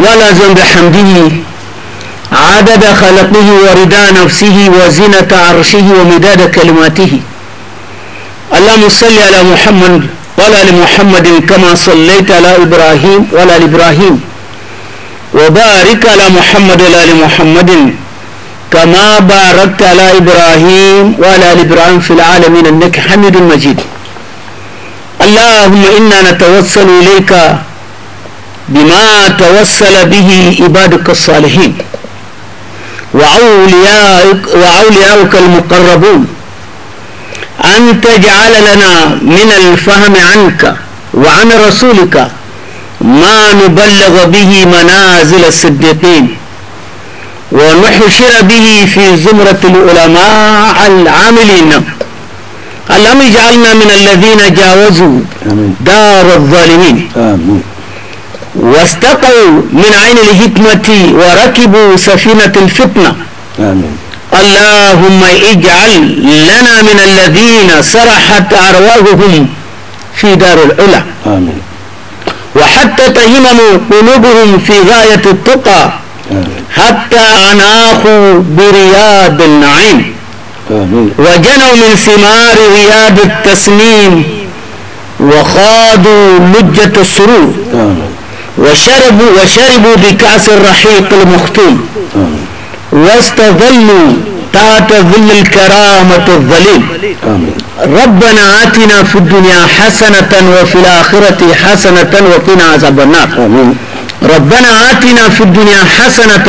ولا زند حمده عدد خلقه ورداء نفسه وزنة عرشه ومداد كلماته اللهم صل على محمد وعلى لمحمد كما صليت على ابراهيم وعلى لإبراهيم وبارك على محمد وعلى لمحمد كما باركت على ابراهيم وعلى لإبراهيم في العالمين انك حميد مجيد اللهم انا نتوسل اليك بما توسل به عبادك الصالحين وعوليائك المقربون أن تجعل لنا من الفهم عنك وعن رسولك ما نبلغ به منازل الصديقين ونحشر به في زمرة العلماء العاملين اللهم اجعلنا من الذين جاوزوا دار الظالمين آمين واستقوا من عين الهتمة وركبوا سفينة الفتنة آمين اللهم اجعل لنا من الذين سرحت أرواحهم في دار العلا آمين وحتى تهمم قلوبهم في غاية التقى آمين. حتى أناخوا برياض النعيم آمين. وجنوا من ثمار رياض التسنيم وخاضوا لجة السرور آمين. وشربوا وشربوا بكأس الرحيق المختوم واستظلوا تحت ظل الكرامة الظليم ربنا آتنا في الدنيا حسنة وفي الآخرة حسنة وقنا عذاب النار ربنا آتنا في الدنيا حسنة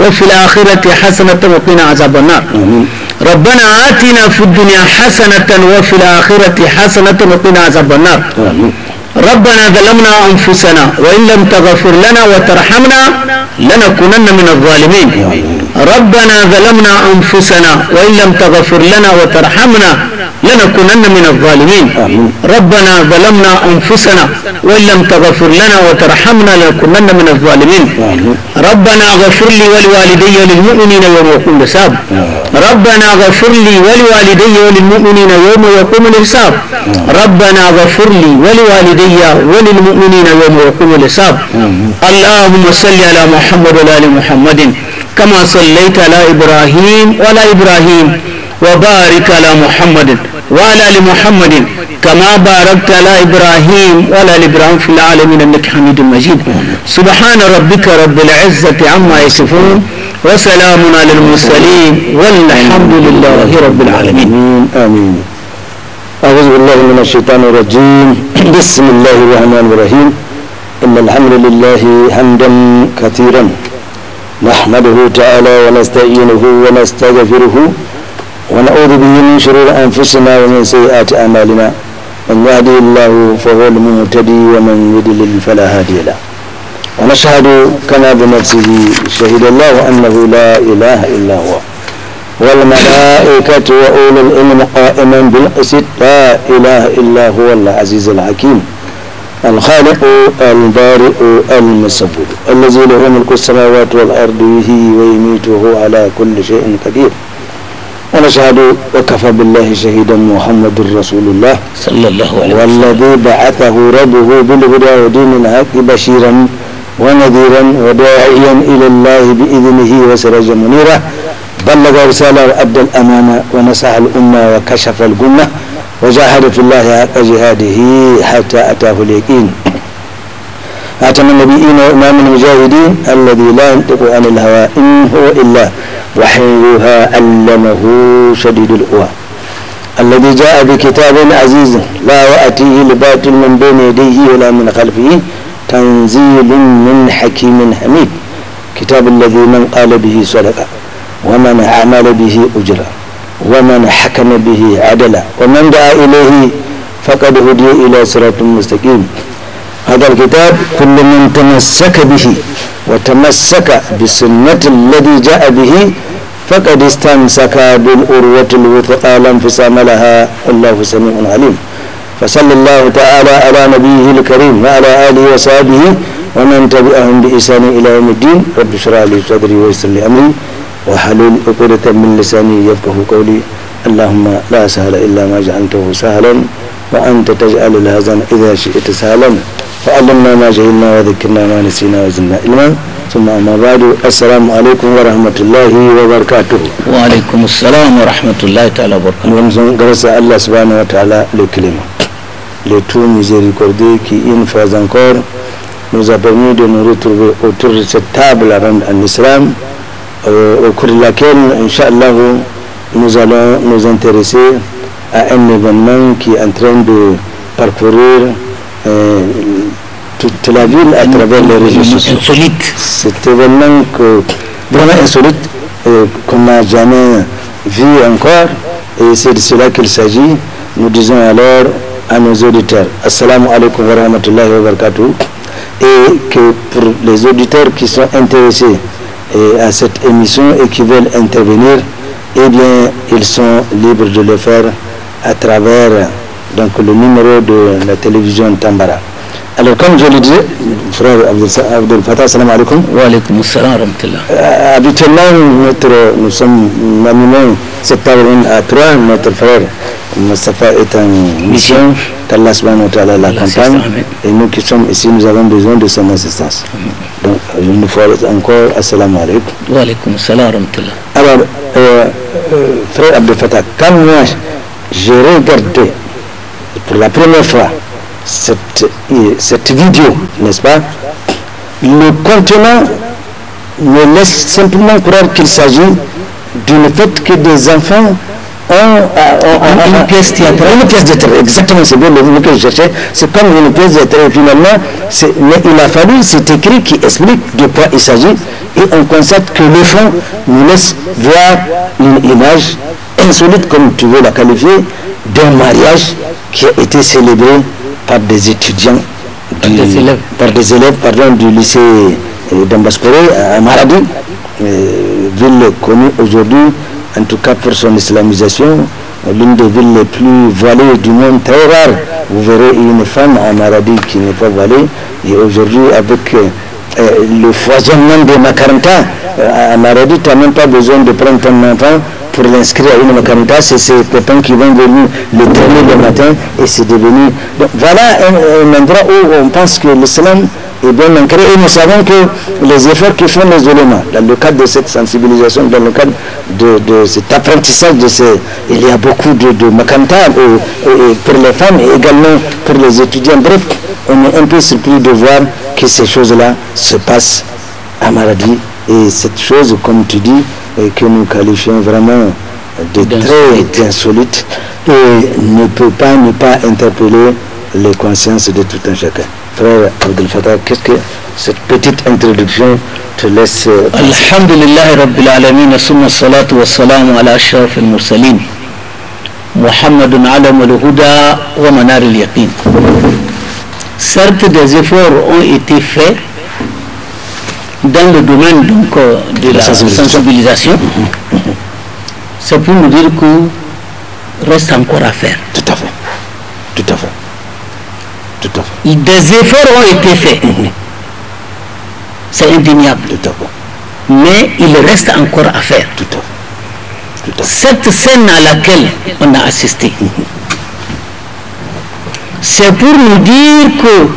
وفي الآخرة حسنة وقنا عذاب النار ربنا آتنا في الدنيا حسنة وفي الآخرة حسنة وقنا عذاب النار آمين. ربنا ظلمنا أنفسنا وإن لم تغفر لنا وترحمنا لنكونن من الظالمين ربنا ظلمنا أنفسنا وإن لم تغفر لنا وترحمنا لنكونن من الظالمين ربنا ظلمنا أنفسنا وإن لم تغفر لنا وترحمنا لنكونن من الظالمين ربنا غفر لي ولوالدي وللمؤمنين يوم يقوم الحساب ربنا غفر لي ولوالدي وللمؤمنين يوم يقوم الحساب ربنا غفر لي ولوالدي وللمؤمنين يوم يقوم الحساب اللهم صل على محمد وعلى محمد كما صليت على إبراهيم وعلى إبراهيم وبارك على محمد وعلى آل محمد كما باركت على إبراهيم وعلى آل إبراهيم في العالمين إنك حميد مجيد سبحان ربك رب العزة عما يصفون وسلام على المرسلين والحمد لله رب العالمين آمين أعوذ بالله من الشيطان الرجيم بسم الله الرحمن الرحيم إن الحمد لله حمدا كثيرا نحمده تعالى ونستعينه ونستغفره ونعوذ به من شرور أنفسنا ومن سيئات أعمالنا من يهده الله فهو المهتدي ومن يضلل فلا هادي له ونشهد كما بنفسه شهد الله أنه لا إله إلا هو والملائكة وأولو العلم قائما بالقسط لا إله إلا هو العزيز الحكيم الخالق البارئ المصور الذي له ملك السماوات والأرض يحيي ويميت وهو على كل شيء قدير ونشهد وكفى بالله شهيدا محمد رسول الله صلى الله عليه وسلم والذي بعثه ربه بالهدى ودين الحق بشيرا ونذيرا وداعيا إلى الله بإذنه وسراجا منيرا بلغ رسالة وأدى الأمانة ونصح الأمة وكشف الجنة وجاهد في الله حق جهاده حتى أتاه اليقين من النبيين وإمام المجاهدين الذي لا ينطق عن الهوى إن هو إلا وحيها علمه شديد القوى الذي جاء بكتاب عزيز لا وأتيه لبات من بين يديه ولا من خلفه تنزيل من حكيم حميد كتاب الذي من قال به صدق ومن عمل به أجرا ومن حكم به عدلا ومن دعا إليه فقد هدي إلى صراط مستقيم هذا الكتاب كل من تمسك به وتمسك بسنة الذي جاء به فقد استمسك بالأروة الوثقى لا انفصام لها الله سميع عليم فصلى الله تعالى على نبيه الكريم وعلى آله وصحبه ومن تبعهم بإحسان إلى يوم الدين رب اشرح لي صدري ويسر لي أمري وحلول عقدة من لساني يفقه قولي اللهم لا سهل إلا ما جعلته سهلا وأنت تجعل الهزن إذا شئت سهلا فعلمنا ما جهلنا وذكرنا ما نسينا وزدنا علما ثم أما بعد السلام عليكم ورحمة الله وبركاته وعليكم السلام ورحمة الله تعالى وبركاته ونزل قرص الله سبحانه وتعالى لكلمة لتو ميزيريكوردي كي إن فازنكور nous a permis de nous retrouver autour de cette table avant l'islam Euh, au cours de laquelle, nous allons nous intéresser à un événement qui est en train de parcourir euh, toute la ville à travers les réseaux sociaux. Insolite. Cet événement que, vraiment insolite euh, qu'on n'a jamais vu encore et c'est de cela qu'il s'agit. Nous disons alors à nos auditeurs Assalamu alaikum wa rahmatullahi wa et que pour les auditeurs qui sont intéressés et à cette émission et qui veulent intervenir, eh bien, ils sont libres de le faire à travers donc, le numéro de la télévision Tambara. Alors, comme je le dis frère Abdel Fattah, salam alaikum. Wa alaikum salam euh, Habituellement, notre, nous sommes animés cette table à trois, notre frère Mustafa est en mission d'Allah la campagne et nous qui sommes ici nous avons besoin de son assistance. Donc il nous faut encore assalamu alaikum. Wa Alors euh, euh, frère Abdel Fattah, quand moi j'ai regardé pour la première fois cette, euh, cette vidéo, n'est-ce pas Le contenant me laisse simplement croire qu'il s'agit d'une fête que des enfants un, euh, un, une, euh, euh, pièce théâtrale. Une pièce exactement, c'est bien le mot que je cherchais. C'est comme une pièce terre finalement. Mais il a fallu cet écrit qui explique de quoi il s'agit et on constate que le fond nous laisse voir une image insolite, comme tu veux la qualifier, d'un mariage qui a été célébré par des étudiants, par, des élèves. du lycée d'Ambascoré à Maradi, ville connue aujourd'hui en tout cas pour son islamisation, l'une des villes les plus voilées du monde, très rare. Vous verrez une femme en Maradi qui n'est pas voilée. Et aujourd'hui, avec euh, euh, le foisonnement des macarantas, à euh, en tu n'as même pas besoin de prendre ton enfant pour l'inscrire à une macaranta. C'est ces pépins qui vont venir le traîner le matin et c'est devenu. voilà un endroit où on pense que l'islam. Et bien Et nous savons que les efforts que font les éléments dans le cadre de cette sensibilisation, dans le cadre de, cet apprentissage, de ces, il y a beaucoup de, de euh, euh, pour les femmes et également pour les étudiants. Bref, on est un peu surpris de voir que ces choses-là se passent à Maradi. Et cette chose, comme tu dis, euh, que nous qualifions vraiment de très insolite, et ne peut pas ne pas interpeller les consciences de tout un chacun frère Abdel Fattah, qu'est-ce que cette petite introduction te laisse euh, Alhamdulillah Rabbil Alameen, summa salatu wa salam ala ashraf al-mursaleen, Muhammadun alam al-huda wa manar al-yaqeen. Certes, des efforts ont été faits dans le domaine donc, euh, de la, sensibilisation. sensibilisation. C'est pour nous dire que reste encore à faire. Tout à fait. Tout à fait. Des efforts ont été faits. Mhm. C'est indéniable. Mais il reste encore à faire. Cette scène à laquelle on a assisté, mhm. c'est pour nous dire que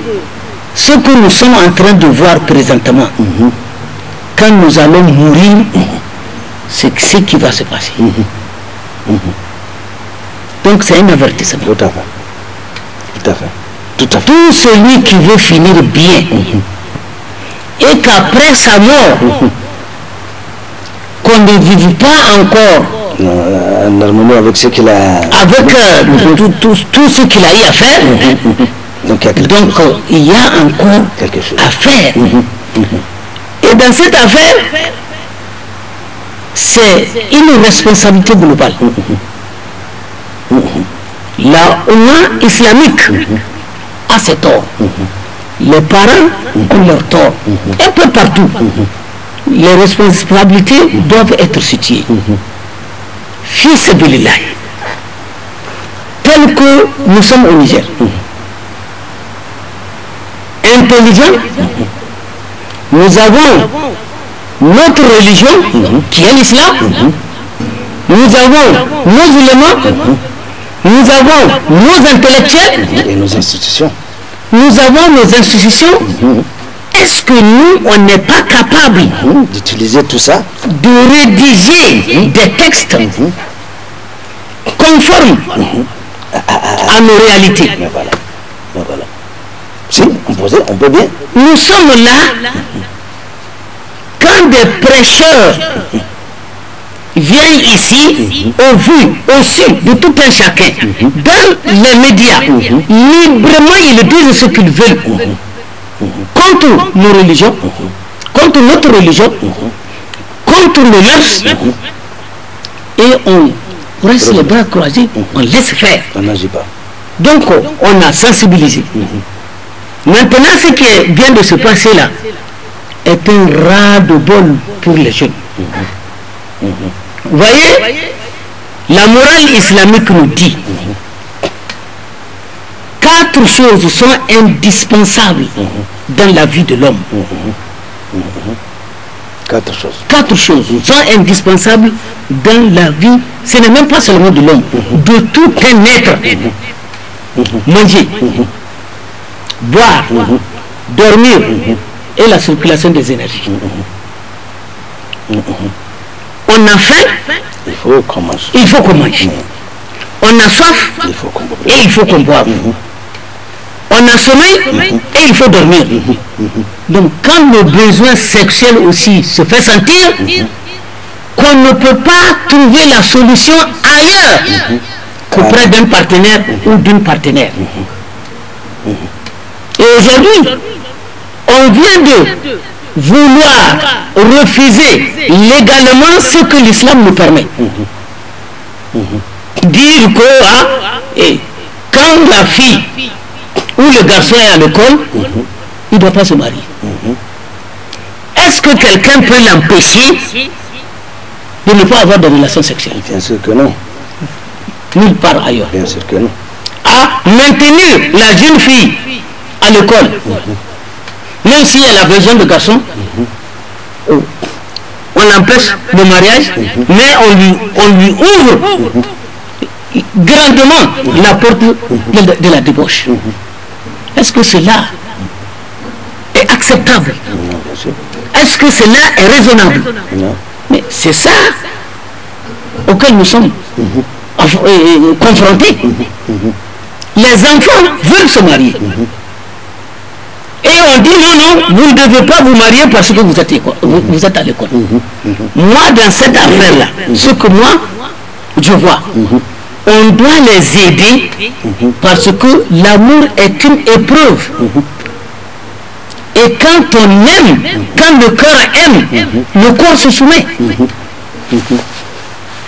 ce que nous sommes en train de voir présentement, mhm. quand nous allons mourir, c'est ce qui va se passer. Donc c'est un avertissement. Tout à fait. Tout à fait. Tout, celui qui veut finir bien mhm. et qu'après sa mort, mhm. qu'on ne vive pas encore euh, Normalement avec ce qu'il a avec euh, mhm. tout, ce qu'il a eu à faire donc, il y a, encore quelque chose à faire et dans cette affaire c'est une responsabilité globale la moins islamique à ses torts. Les parents ont leur tort. Un peu partout. Les responsabilités doivent être situées. Fils de l'Illah, tel que nous sommes au Niger, Intelligents. nous avons notre religion qui est l'islam, nous avons nos éléments nous avons nos intellectuels. Et nos institutions. Nous avons nos institutions. Mm-hmm. Est-ce que nous, on n'est pas capable mm-hmm. d'utiliser tout ça De rédiger mm-hmm. des textes conformes à, nos réalités Si, on peut bien. Nous sommes là quand des prêcheurs viennent ici mhm. au vu, au su de tout un chacun, mhm. dans les médias. Mhm. Librement, ils disent ce qu'ils veulent. Contre nos religions, contre notre religion, contre le leurs, et on reste les bras croisés, on laisse faire. Donc, on a sensibilisé. Maintenant, ce qui vient de se passer là est un ras de bol pour les jeunes voyez La morale islamique nous dit quatre choses sont indispensables dans la vie de l'homme. Quatre choses. Quatre choses sont indispensables dans la vie. Ce n'est même pas seulement de l'homme, de tout un être. Manger, boire, dormir et la circulation des énergies. On a faim. Il faut qu'on mange. Mm. On a soif. Il faut qu'on Et il faut qu'on boive. Mm-hmm. On a sommeil mm-hmm. et il faut dormir. Mm-hmm. Donc quand le besoin sexuel aussi se fait sentir, qu'on ne peut pas trouver la solution ailleurs qu'auprès d'un partenaire ou d'une partenaire. Et aujourd'hui, on vient de vouloir refuser légalement ce que l'islam nous permet. Mm-hmm. Mm-hmm. Dire que hein, mm-hmm. eh, quand la fille ou le garçon est à l'école, il ne doit pas se marier. Est-ce que quelqu'un peut l'empêcher de ne pas avoir de relation sexuelle Bien sûr que non. Nulle part ailleurs. Bien sûr que non. À maintenir la jeune fille à l'école. Même si elle a besoin de garçons, on empêche le mariage, mais on lui, on lui ouvre grandement la porte de, la débauche. Est-ce que cela est acceptable Est-ce que cela est raisonnable Mais c'est ça auquel nous sommes confrontés. Les enfants veulent se marier. Et on dit non, non, vous ne devez pas vous marier parce que vous êtes, vous, êtes à l'école. Mhm, mhm. moi, dans cette mhm. affaire-là, ce que moi, je vois, on doit les aider parce que l'amour est une épreuve. Et quand on aime, quand le cœur aime, le corps se soumet.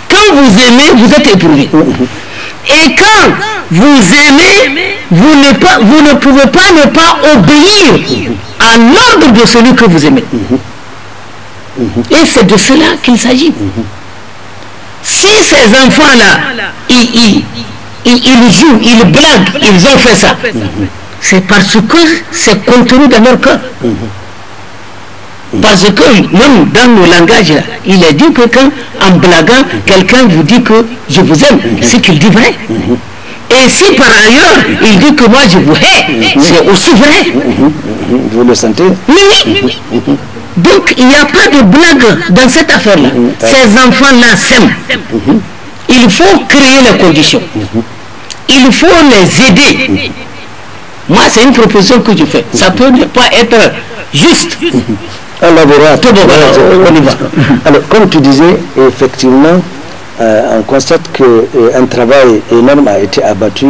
Quand vous aimez, vous êtes éprouvé. Et quand vous aimez, vous ne, pas, vous ne pouvez pas ne pas obéir à l'ordre de celui que vous aimez. Et c'est de cela qu'il s'agit. Si ces enfants-là, ils, ils, jouent, ils blaguent, ils ont fait ça, c'est parce que c'est contenu dans leur cœur. Parce que même dans nos langages, il est dit que quand, en blaguant, quelqu'un vous dit que je vous aime, c'est qu'il dit vrai. Et si par ailleurs, il dit que moi je vous hais, c'est aussi vrai. Vous le sentez Mais oui. Donc il n'y a pas de blague dans cette affaire-là. Ces enfants-là s'aiment. Il faut créer les conditions. Il faut les aider. Moi, c'est une proposition que je fais. Ça ne peut pas être juste. Alors, comme tu disais, effectivement, euh, on constate qu'un euh, travail énorme a été abattu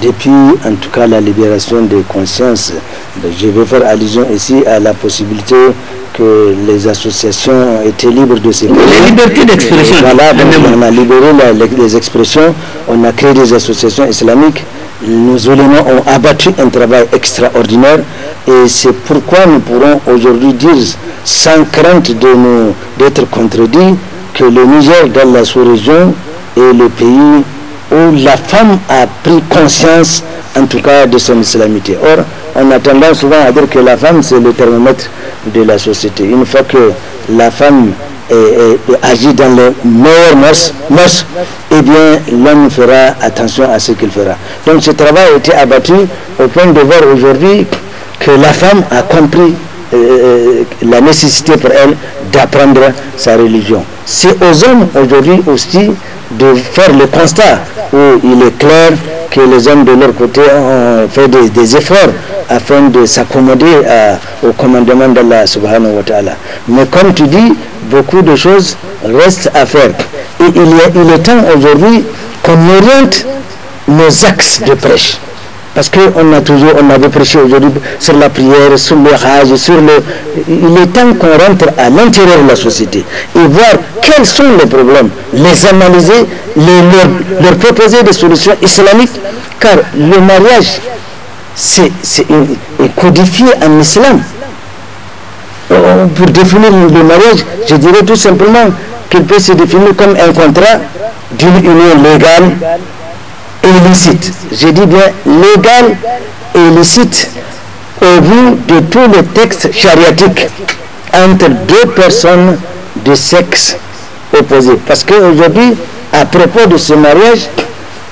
depuis en tout cas la libération des consciences. Je vais faire allusion ici à la possibilité que les associations étaient été libres de ces Les libertés d'expression. Voilà, on a libéré les, expressions, on a créé des associations islamiques. Nos éléments ont abattu un travail extraordinaire et c'est pourquoi nous pourrons aujourd'hui dire, sans crainte d'être contredits, que le Niger dans la sous-région est le pays où la femme a pris conscience, en tout cas, de son islamité. Or, on a tendance souvent à dire que la femme, c'est le thermomètre de la société. Une fois que la femme agit dans les meilleurs mœurs, eh bien, l'homme fera attention à ce qu'il fera. Donc, ce travail a été abattu au point de voir aujourd'hui que la femme a compris euh, euh, la nécessité pour elle d'apprendre sa religion. C'est aux hommes aujourd'hui aussi de faire le constat où il est clair que les hommes de leur côté ont fait des, efforts afin de s'accommoder euh, au commandement d'Allah subhanahu wa Mais comme tu dis, beaucoup de choses restent à faire. Et il, il est temps aujourd'hui qu'on oriente nos axes de prêche. Parce qu'on a toujours, on avait prêché aujourd'hui sur la prière, sur le rage, sur le... Il est temps qu'on rentre à l'intérieur de la société et voir quels sont les problèmes, les analyser, les, leur, proposer des solutions islamiques. Car le mariage c'est codifié en islam. Pour définir le mariage, je dirais tout simplement qu'il peut se définir comme un contrat d'une union légale illicite, Je dis bien légal et illicite au vu de tous les textes chariatiques entre deux personnes de sexe opposé. Parce qu'aujourd'hui, à propos de ce mariage,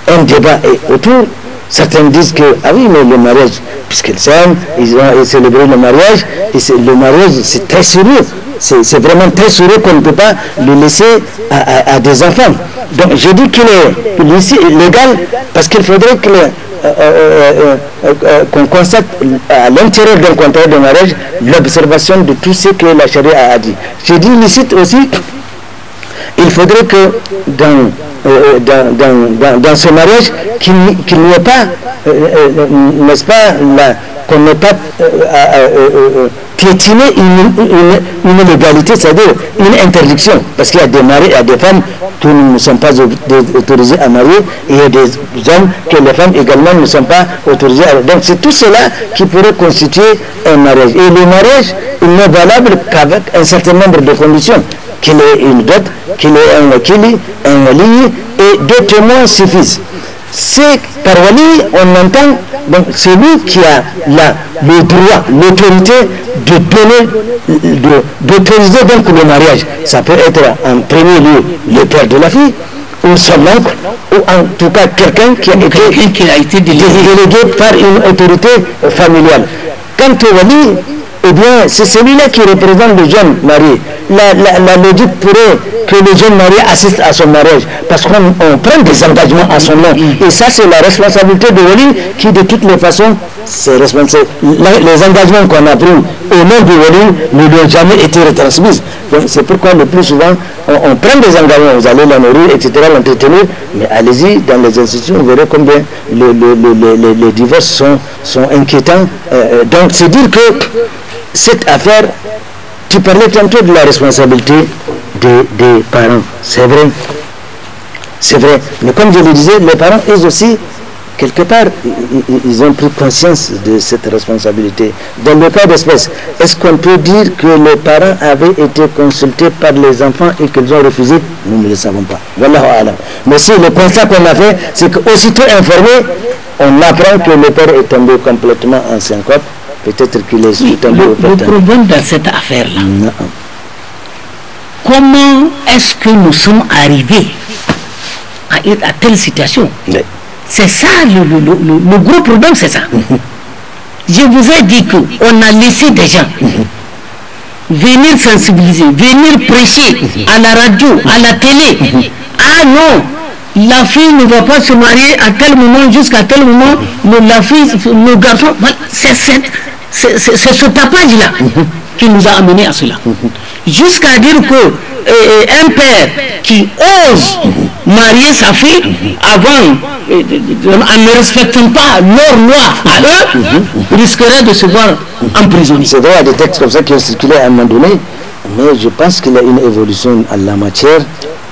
un débat est autour. Certains disent que, ah oui, mais le mariage, puisqu'ils s'aiment, ils ont célébré le mariage, et le mariage, c'est très sérieux c'est vraiment très sourire qu'on ne peut pas le laisser à, des enfants. Donc je dis qu'il est, légal parce qu'il faudrait qu'on constate à l'intérieur d'un contrat de mariage l'observation de tout ce que la charia a dit. Je dis licite aussi, il faudrait que dans, dans, ce mariage, qu'il n'y ait pas, n'est-ce pas, qu'on n'ait pas qui une, une, une c'est-à-dire une interdiction. Parce qu'il y a des maris, il y a des femmes qui ne sont pas autorisées à marier, et il y a des hommes que les femmes également ne sont pas autorisées à marier. Donc c'est tout cela qui pourrait constituer un mariage. Et le mariage, il n'est valable qu'avec un certain nombre de conditions. Qu'il ait une dot qu'il ait un wakili, un wali, et deux témoins suffisent. C'est par wali, on entend donc c'est lui qui a le droit, l'autorité de donner, d'autoriser de, donc le mariage. Ça peut être en premier lieu le père de la fille, ou son oncle, ou en tout cas quelqu'un qui, qui, a été délégué par une autorité familiale. Quant eh bien, c'est celui-là qui représente le jeune marié. La, la, logique pourrait que le jeune marié assiste à son mariage, parce qu'on prend des engagements à son nom. Et ça, c'est la responsabilité de Wali, qui de toutes les façons, c'est responsable. Les engagements qu'on a pris au nom de Wali ne lui ont jamais été retransmis. C'est pourquoi le plus souvent, on, prend des engagements, vous allez la nourrir, etc., l'entretenir, mais allez-y, dans les institutions, vous verrez combien les divorces sont, sont inquiétants. Euh, euh, donc, c'est dire que cette affaire, tu parlais tantôt de la responsabilité des, parents. C'est vrai. C'est vrai. Mais comme je le disais, les parents, eux aussi, quelque part, ils ont pris conscience de cette responsabilité. Dans le cas d'espèce, est-ce qu'on peut dire que les parents avaient été consultés par les enfants et qu'ils ont refusé Nous ne le savons pas. Mais si le constat qu'on a fait, c'est qu'aussitôt informé, on apprend que le père est tombé complètement en syncope Peut-être qu'il est le, problème dans cette affaire-là, comment est-ce que nous sommes arrivés à, telle situation C'est ça le, gros problème, c'est ça. Je vous ai dit qu'on a laissé des gens. venir sensibiliser, venir prêcher à la radio, à la télé. Ah non, la fille ne va pas se marier à tel moment, jusqu'à tel moment, le, la fille, le garçon, c'est ça c'est ce tapage-là qui nous a amené à cela. Jusqu'à dire que eh, eh, un père qui ose marier sa fille avant, eh, en ne respectant pas leur loi à risquerait de se voir emprisonné. C'est vrai, il y a des textes comme ça qui ont circulé à un moment donné, mais je pense qu'il y a une évolution à la matière.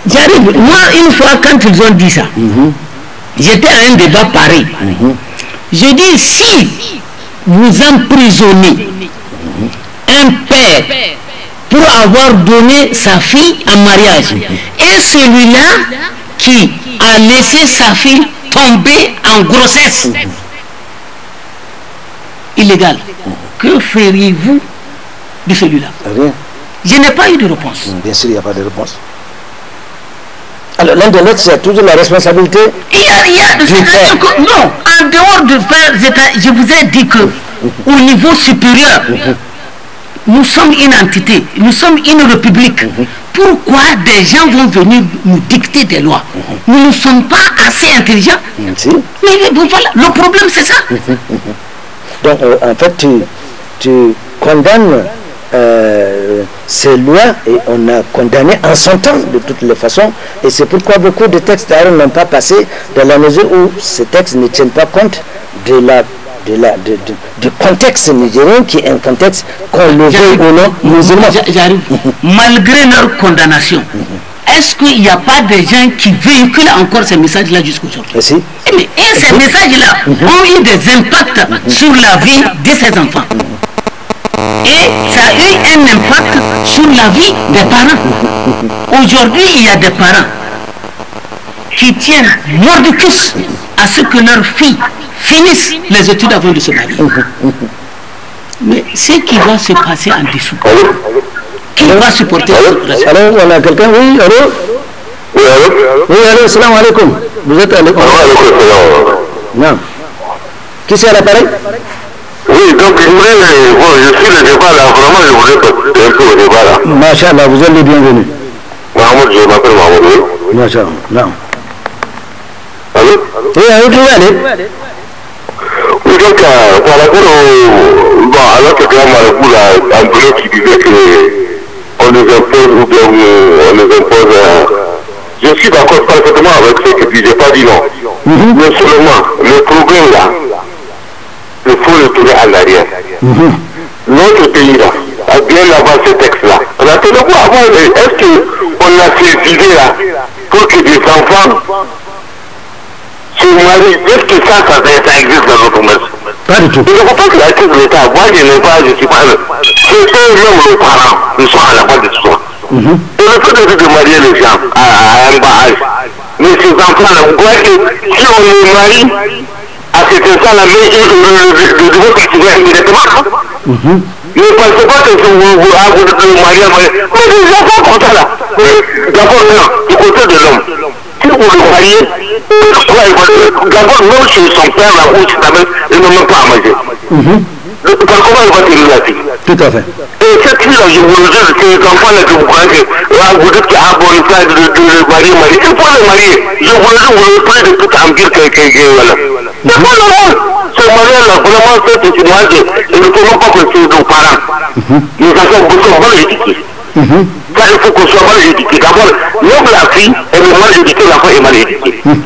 J'arrive, moi une fois quand ils ont dit ça, mhm. j'étais à un débat pareil. Mhm. J'ai dit, si vous emprisonner un père pour avoir donné sa fille en mariage. Et celui-là qui a laissé sa fille tomber en grossesse illégale. Que feriez-vous de celui-là Rien. Je n'ai pas eu de réponse. Bien sûr, il n'y a pas de réponse. Alors l'un de l'autre, c'est toujours la responsabilité. Il y a, il y a non, en dehors du père, je vous ai dit que au niveau supérieur, nous sommes une entité, nous sommes une république. Pourquoi des gens vont venir nous dicter des lois Nous ne sommes pas assez intelligents. Mais voilà, le problème c'est ça. Donc euh, en fait, tu condamnes euh, ces lois et on a condamné en son temps de toutes les façons. Et c'est pourquoi beaucoup de textes d'ailleurs n'ont pas passé dans la mesure où ces textes ne tiennent pas compte de la de du contexte nigérien qui est un contexte qu'on le veut ou non musulman. Malgré leur condamnation, est-ce qu'il n'y a pas des gens qui véhiculent encore ces messages-là jusqu'aujourd'hui eh, et ces messages-là ont eu des impacts sur la vie de ces enfants et ça a eu un impact sur la vie des parents. Aujourd'hui, il y a des parents qui tiennent mort de plus à ce que leurs filles finissent les études avant de se marier. Mais ce qui va se passer en dessous, qui va supporter Alors, on a quelqu'un, oui, allô Oui, allô Oui, alaikum. Vous êtes à Non. Qui c'est à l'appareil oui, donc bon, je suis le débat là, vraiment je voulais participer un peu au débat là. Machallah, vous êtes les bienvenus. Mahmoud, je m'appelle Mahmoud. Machallah, non. Allô Oui, eh, allô, tu veux aller Oui, donc euh, par rapport au... Bon, alors que Grand Marabout là, un bleu qui disait qu'on les nous impose ou bien euh, on nous impose... Euh, je suis d'accord parfaitement avec ce que tu dis, n'ai pas dit non. Mm -hmm. Mais seulement, le problème là, il faut le tourner en arrière. Notre pays a bien avant ce texte-là. On a quoi avant Est-ce qu'on a ces idées pour que des enfants se marient Est-ce que ça, ça, ça existe dans notre commerce pas du tout. Il ne faut pas que la tête de l'État, moi je n'ai pas, je suis pas. C'est eux les parents, ils sont à la base de tout ça. Mhm. Et le fait de marier les gens à, à un bas mais ces enfants-là, vous voyez que si on les marie, à ah, c'est ça la main le nouveau est immédiatement. Ne pensez pas que vous, vous, vous ah, Mais les ça là. D'abord, non, du côté de l'homme. Si vous le mariez, d'abord, même chez son père, la où il ne même pas à manger. Mhm. Tout à fait. Et cette fille-là, je vous le dis, que les enfants-là que vous là, vous dites qu'il y a bon de, marier, marier. Je vous le vous le de tout que, C'est Ce mariage-là, vraiment, c'est ne pouvons pas nos parents. mal Car mhm. il faut qu'on soit mal éduqué. D'abord, même la fille, elle est mal éduquée, l'enfant est mal éduqué. Mhm.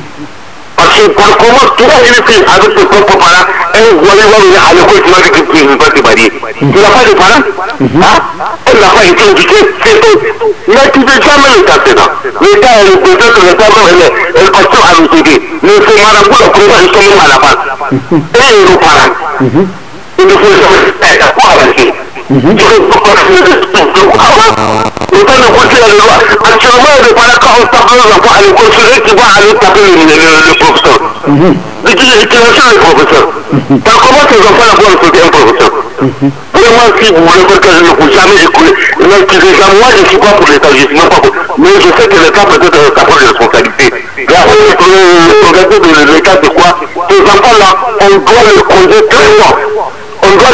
Inforcomos que era difícil abrir su cuerpo para el voleibol de algo que más que tiene parte para ir. ¿Tú la puedes para? ¿Ah? ¿Tú la puedes para? ¿Qué es esto? No te pensamos en esta cena. No está el contrato de Pablo en el pastor a los que no se mara por la prueba y se me mara para. Él no para. Entonces, ¿qué es esto? Mm -hmm. Je ne pas le droit. Je pas d'accord. On tape le pas aller consulter, tu vas aller taper le, le, le professeur. Mm -hmm. Mais tu es sûr, le professeur. Mm -hmm. Comment ces enfants vont écouter un professeur mm -hmm. Et moi, si vous voulez faire que je ne vous jamais écouter, moi, je ne suis pas pour l'État, je ne suis pas pour. Mais je sais que l'État peut-être euh, t'apprendre de responsabilité. Regardez le regarder de l'État, c'est quoi Ces enfants-là, on doit le conduire très fort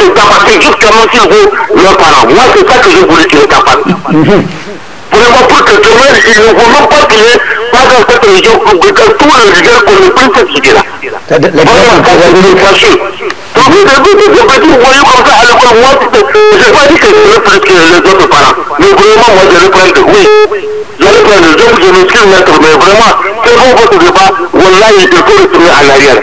de tabaser jusqu'à mentir vos leurs parents. Moi, c'est ça que je voulais qu'ils tabassent. Mhm. Pour ne pas que demain, ils ne vont pas qu'il n'y ait pas dans cette région, dans tout le régime qu'on ne prenne cette idée-là. Voilà, ça, c'est fâché. Donc, mhm. vous avez dit que petit voyou comme ça à l'école, moi, je n'ai pas dit que je le plus que les autres parents. Mais vraiment, moi, je le que oui le jour, je m'excuse, maître, mais vraiment, vous bon votre débat, voilà, il faut retourner en arrière.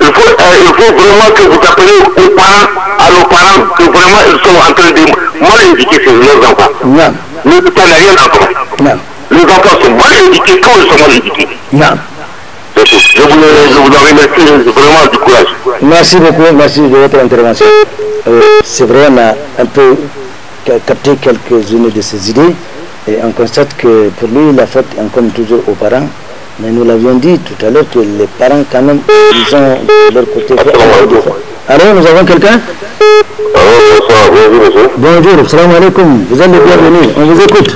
Il faut, euh, il faut vraiment que vous appelez aux parents, à nos parents, que vraiment ils sont en train de mal éduquer leurs enfants. Non. Ne pas en arrière encore. Non. Les enfants sont mal éduqués quand ils sont mal éduqués. Non. Je vous, euh, je vous en remercie euh, vraiment du courage. Merci beaucoup, merci de votre intervention. C'est vrai, on a un peu capté quelques-unes de ces idées. Et on constate que pour lui, la faute encore toujours aux parents. Mais nous l'avions dit tout à l'heure que les parents, quand même, ils ont de leur côté. Allô, nous avons quelqu'un Bonjour, salam alaikum. Vous êtes le bienvenu. On vous écoute.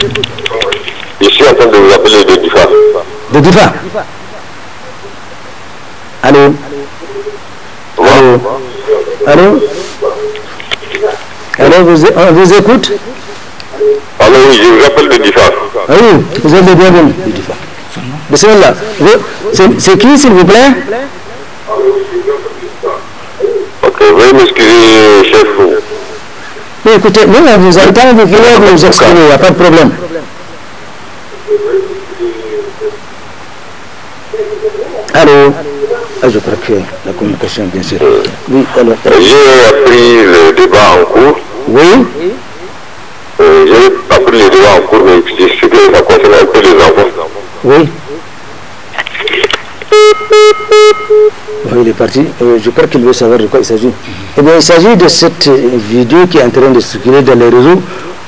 Je suis en train de vous appeler de Difa. De Difa Allô Allô Allô Allô, on vous écoute alors ah oui, je vous appelle de Difa. Ah oui, vous êtes de bienvenus. Bismillah. C'est qui, s'il vous plaît Ok, veuillez m'excuser, chef. Mais écoutez, oui, vous avez le temps, vous pouvez vous exprimer, il n'y a pas de problème. Allô ah, je crois que la communication, bien sûr. Oui, alors. J'ai appris le débat en cours. Oui oui Oui. il est parti. Euh, je crois qu'il veut savoir de quoi il s'agit. Eh bien, il s'agit de cette vidéo qui est en train de circuler dans les réseaux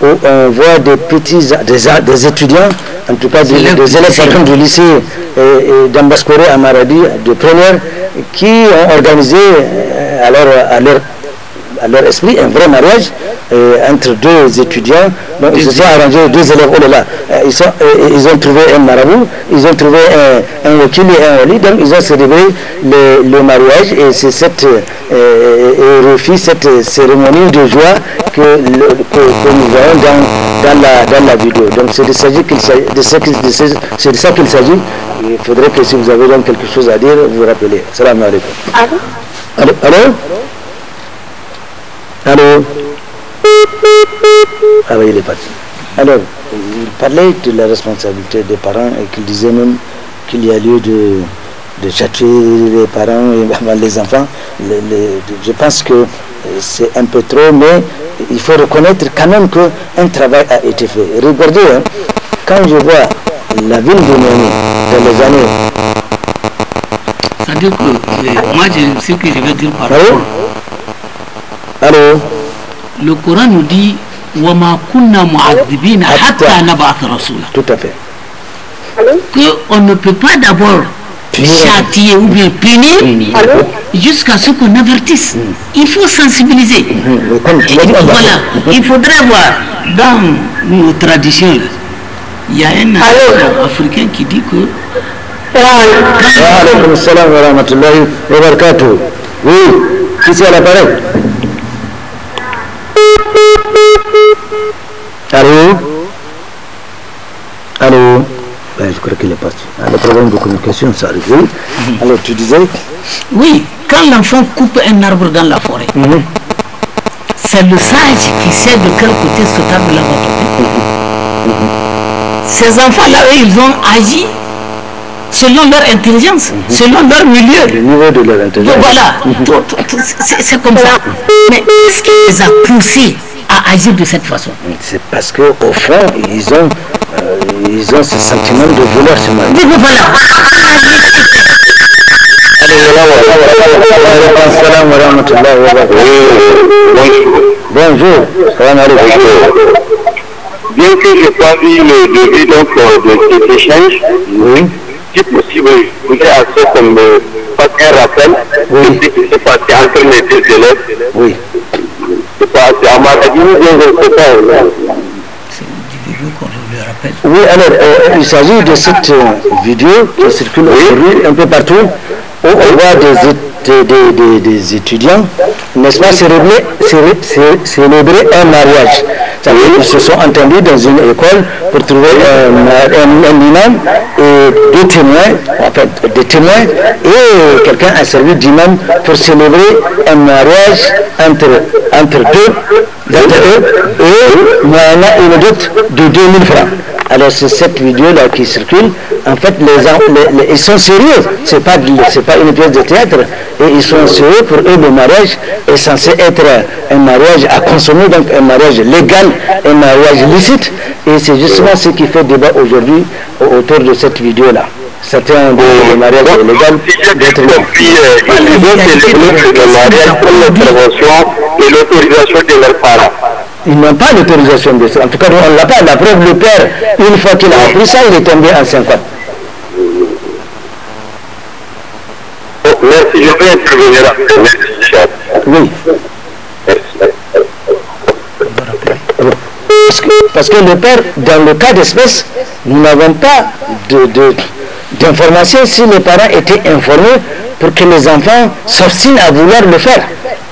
où on voit des petits, des, étudiants, en tout cas des, élèves du lycée euh, euh à Maradi, de première, qui ont organisé euh, alors à leur leur esprit un vrai mariage euh, entre deux étudiants. Donc ils se sont arrangés, deux élèves, au oh delà euh, ils, euh, ils ont trouvé un marabout, ils ont trouvé un, un et un wali, donc ils ont célébré le, mariage et c'est cette, refit cette cérémonie de joie que, le, que, nous verrons dans, dans, la, dans la vidéo. Donc c'est de, ça qu'il s'agit. Il faudrait que si vous avez donc quelque chose à dire, vous rappelez. Salam alaikum. Allô Allô, Allô ah il est parti. Alors, il parlait de la responsabilité des parents et qu'il disait même qu'il y a lieu de, de châtier les parents et les enfants. je pense que euh, c'est un peu trop, mais il faut reconnaître quand même qu'un travail a été fait. Regardez, hein, quand je vois la ville de Miami dans les années. cest à que euh, moi, ce que je veux dire par le Coran nous dit Tout à fait. Que on ne peut pas d'abord châtier ou bien punir jusqu'à ce qu'on avertisse. Mm. Il faut sensibiliser. Mm-hmm. Voilà, il faudrait voir dans nos traditions, il y a un africain qui dit que. Allô Allô ben, Je crois qu'il est parti. Ah, le problème de communication, ça arrive. Mhm. Alors, tu disais Oui, quand l'enfant coupe un arbre dans la forêt, mhm. c'est le sage qui sait de quel côté se arbre la va mhm. Ces enfants-là, ils ont agi selon leur intelligence, selon leur milieu. Le niveau de leur intelligence. voilà, c'est comme ça. Mais ce qui les a poussés agir de cette façon C'est parce qu'au fond, ils ont, euh, ils ont ce sentiment de voleur sur ce matin. De voleur Bonjour. Bien que je n'ai pas vu le devis donc, de cet échange, oui. si possible, vous avez accès comme euh, un rappel oui. de ce qui s'est passé entre mes deux élèves. Oui oui, alors euh, il s'agit de cette euh, vidéo qui circule aujourd'hui un peu partout où on voit des, des, des, étudiants, n'est-ce pas, célébrer, célébrer un mariage cest à se sont entendus dans une école pour trouver un, un, imam et deux témoins, en fait des témoins, et quelqu'un a servi d'imam pour célébrer un mariage entre, entre deux, d'entre eux, et une doute de 2000 francs. Alors c'est cette vidéo-là qui circule. En fait, les, les, ils sont sérieux. Ce pas, pas une pièce de théâtre et ils sont sûrs pour eux le mariage est censé être un mariage à consommer, donc un mariage légal, un mariage licite, et c'est justement ce qui fait débat aujourd'hui autour de cette vidéo-là. Certains de le mariage Ils n'ont pas l'autorisation de ça. En tout cas, on ne l'a pas. La preuve, le père, une fois qu'il a appris ça, il est tombé en 50. Oui. Parce que, le père, dans le cas d'espèce, nous n'avons pas d'informations de, si les parents étaient informés pour que les enfants s'obstinent à vouloir le faire.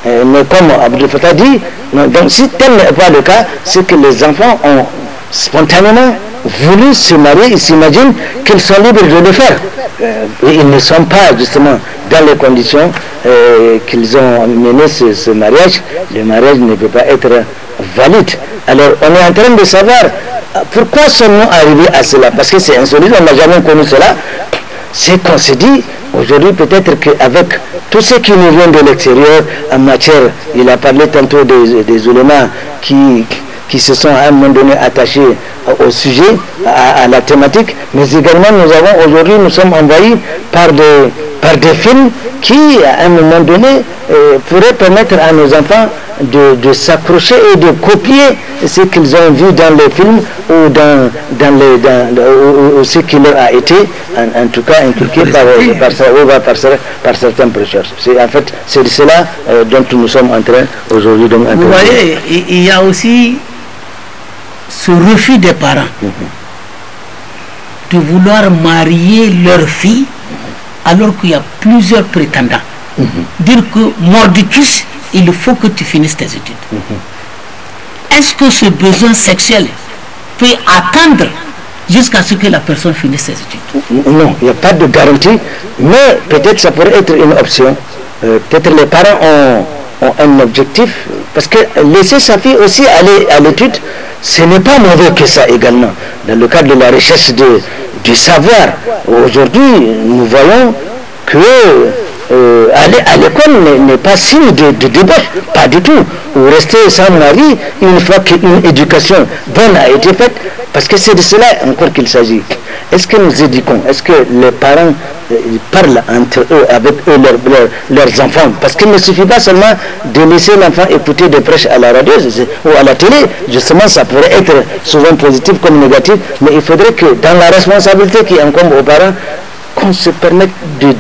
Euh, mais comme Abdel Fattah dit, donc si tel n'est pas le cas, c'est que les enfants ont spontanément voulu se marier, ils s'imaginent qu'ils sont libres de le faire. Euh, et ils ne sont pas justement dans les conditions euh, qu'ils ont mené ce, mariage. Le mariage ne peut pas être valide. Alors on est en train de savoir euh, pourquoi sommes-nous arrivés à cela Parce que c'est insolite, on n'a jamais connu cela. C'est qu'on s'est dit aujourd'hui peut-être qu'avec tout ce qui nous vient de l'extérieur en matière, il a parlé tantôt des, des éléments qui qui se sont à un moment donné attachés au sujet, à, la thématique, mais également nous avons aujourd'hui, nous sommes envahis par des, par des films qui, à un moment donné, euh, pourraient permettre à nos enfants de, de s'approcher et de copier ce qu'ils ont vu dans les films ou dans, dans, les, dans, ou, ce qui leur a été, en, tout cas, inculqué par, par, par, par, par certains C'est En fait, c'est cela euh, dont nous sommes en train aujourd'hui de Vous voyez, il y a aussi ce refus des parents de vouloir marier leur fille alors qu'il y a plusieurs prétendants. Mhm. Dire que mordicus, il faut que tu finisses tes études. Mhm. Est-ce que ce besoin sexuel peut attendre jusqu'à ce que la personne finisse ses études Non, il n'y a pas de garantie, mais peut-être ça pourrait être une option. Euh, peut-être les parents ont, ont, un objectif, parce que laisser sa fille aussi aller à l'étude, ce n'est pas mauvais que ça également. Dans le cadre de la recherche de, du savoir, aujourd'hui, nous voyons que euh, aller à l'école n'est pas signe de, de débauche, pas du tout. Ou rester sans mari une fois qu'une éducation bonne a été faite, parce que c'est de cela encore qu'il s'agit. Est-ce que nous éduquons Est-ce que les parents euh, parlent entre eux, avec eux, leurs enfants Parce qu'il ne suffit pas seulement de laisser l'enfant écouter des prêches à la radio ou à la télé. Justement, ça pourrait être souvent positif comme négatif, mais il faudrait que dans la responsabilité qui incombe aux parents, qu'on se permette de,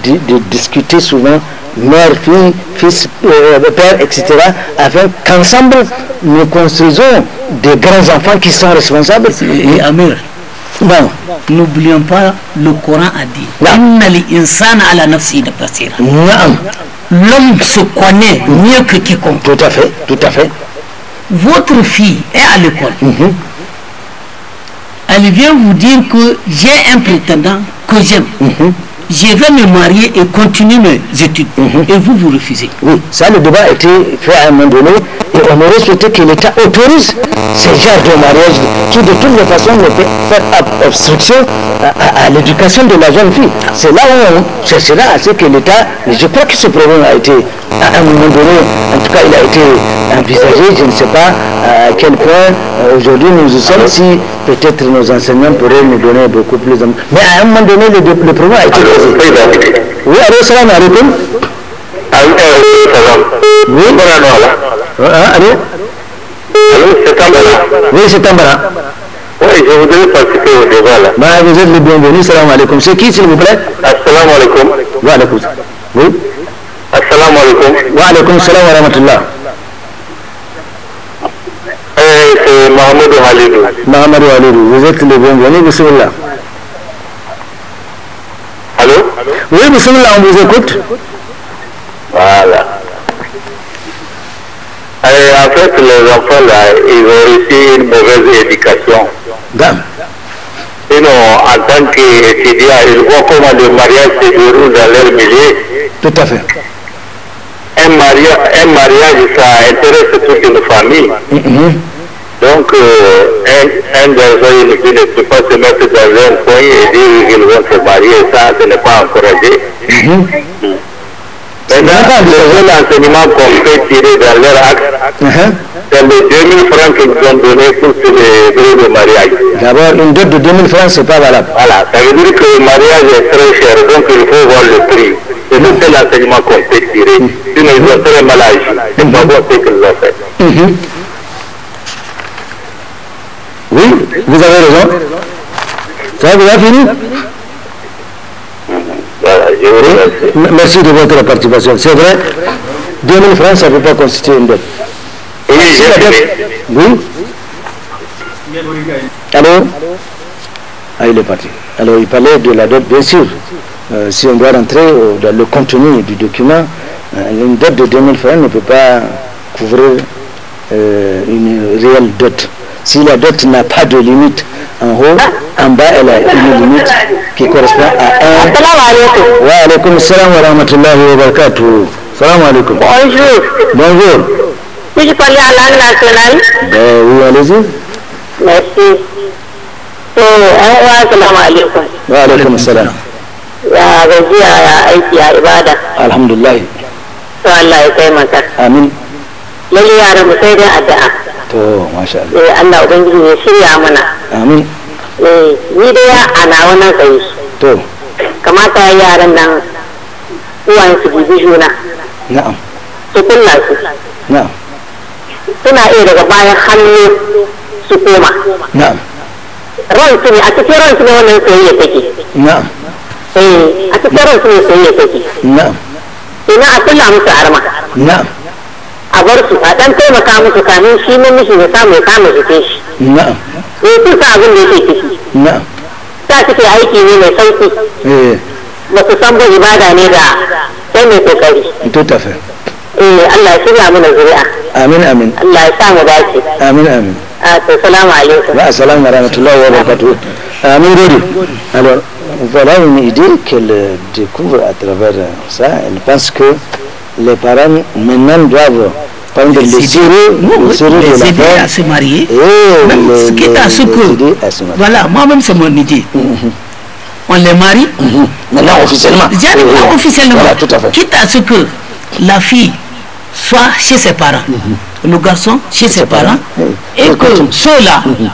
discuter souvent mère, fille, fils, euh, père, etc., afin qu'ensemble, nous construisons des grands enfants qui sont responsables. Et, et N'oublions pas, le Coran a dit L'homme se connaît mieux que quiconque. Tout à fait, tout à fait. Votre fille est à l'école. Mhm. Elle vient vous dire que j'ai un prétendant que j'aime. Mhm. Je vais me marier et continuer mes études. Mhm. Et vous, vous refusez. Oui, ça, le débat a été fait à un moment donné. Et on aurait souhaité que l'État autorise ce genre de mariage qui, de toutes les façons, ne peut faire obstruction à, l'éducation de la jeune fille. C'est là où on cherchera à ce que l'État, je crois que ce problème a été, à un moment donné, en tout cas, il a été envisagé, je ne sais pas à quel point euh, aujourd'hui nous y sommes, si peut-être nos enseignants pourraient nous donner beaucoup plus. Mais à un moment donné, le, problème a été Oui, ben, alors, salam alaikum. zai shi tambara ما يزيد لي بيان السلام عليكم شي كيس المبلغ السلام عليكم وعليكم السلام عليكم وعليكم السلام ورحمة الله محمد والد محمد والد يزيد لي بيان بسم الله الو وي بسم الله ام زكوت Voilà. Et en fait, les enfants, là, ils ont reçu une mauvaise éducation. Dame. Sinon, en tant qu'étudiants, ils voient comment le mariage se déroule dans leur milieu. Tout à fait. Un mariage, ça intéresse toute une famille. Mm-hmm. Donc, euh, un, un eux ne peut pas se mettre dans un coin et dire qu'ils vont se marier. Ça, ce n'est pas encouragé. Mm-hmm. Mm. Maintenant, le seul enseignement qu'on peut tirer dans leur acte, uh-huh. c'est les 2000 francs qu'ils ont donnés sur les droits de mariage. D'abord, une dette de 2000 francs, ce n'est pas valable. Voilà, ça veut dire que le mariage est très cher, donc il faut voir le prix. C'est le seul enseignement qu'on peut tirer. Uh-huh. Sinon, ils ont très mal agi. Uh-huh. C'est pas ce qu'ils ont fait. Oui, vous avez raison. Ça, vous avez fini Merci de votre participation. C'est vrai, 2 francs, ça ne peut pas constituer une dette. Oui, Ah, il est parti. Alors, il parlait de la dette, bien sûr. Euh, si on doit rentrer dans le contenu du document, euh, une dette de 2 francs ne peut pas couvrir euh, une réelle dette. si la dot n'a pas de limite en haut, en bas, elle a une limite qui correspond à un. Wa alaikum salam wa rahmatullahi wa barakatuh. Salam alaikum. Bonjour. Bonjour. Puis-je parler à langue nationale Ben oui, allez-y. Merci. Oh, eh, wa alaikum salam. Ya gajiya ya aiki ya ibada. Alhamdulillah. Wa Allah ya Amin. lalu ya, mu sai dai addu'a. to masha Allah eh Allah ubangiji ya shirya mana amin eh ni dai a nawa nan tsaye to kamata yaran nan uwayen su bibi juna na'am to kullu su na'am suna iya daga bayan hannu su koma na'am su ne a cikin su ne wannan ya take na'am eh a cikin su ne sai ya take na'am ina a kullu musu arma na'am a bar su a dan taimaka musu kamin shi mishi ya samu ya samu jike shi na'am eh sun sa abin da yake ciki na'am ta kike aiki ne mai sauki eh ba su san ba ibada ne da sai mai kokari to ta fa eh Allah ya shirya mana zuri'a amin amin Allah ya sa mu dace amin amin assalamu alaikum wa assalamu warahmatullahi wabarakatuh amin gode alors voilà une idée qu'elle découvre à travers ça elle pense que les parents maintenant doivent prendre les sirop, les oh, aider à se marier. Et ce à ce que. Voilà, moi-même c'est mon idée. Mhm. On les marie. Mm Maintenant officiellement. J'arrive officiellement. Quitte à ce que la fille soit chez ses parents, mhm. le garçon chez ses, parents, et que ceux-là mhm.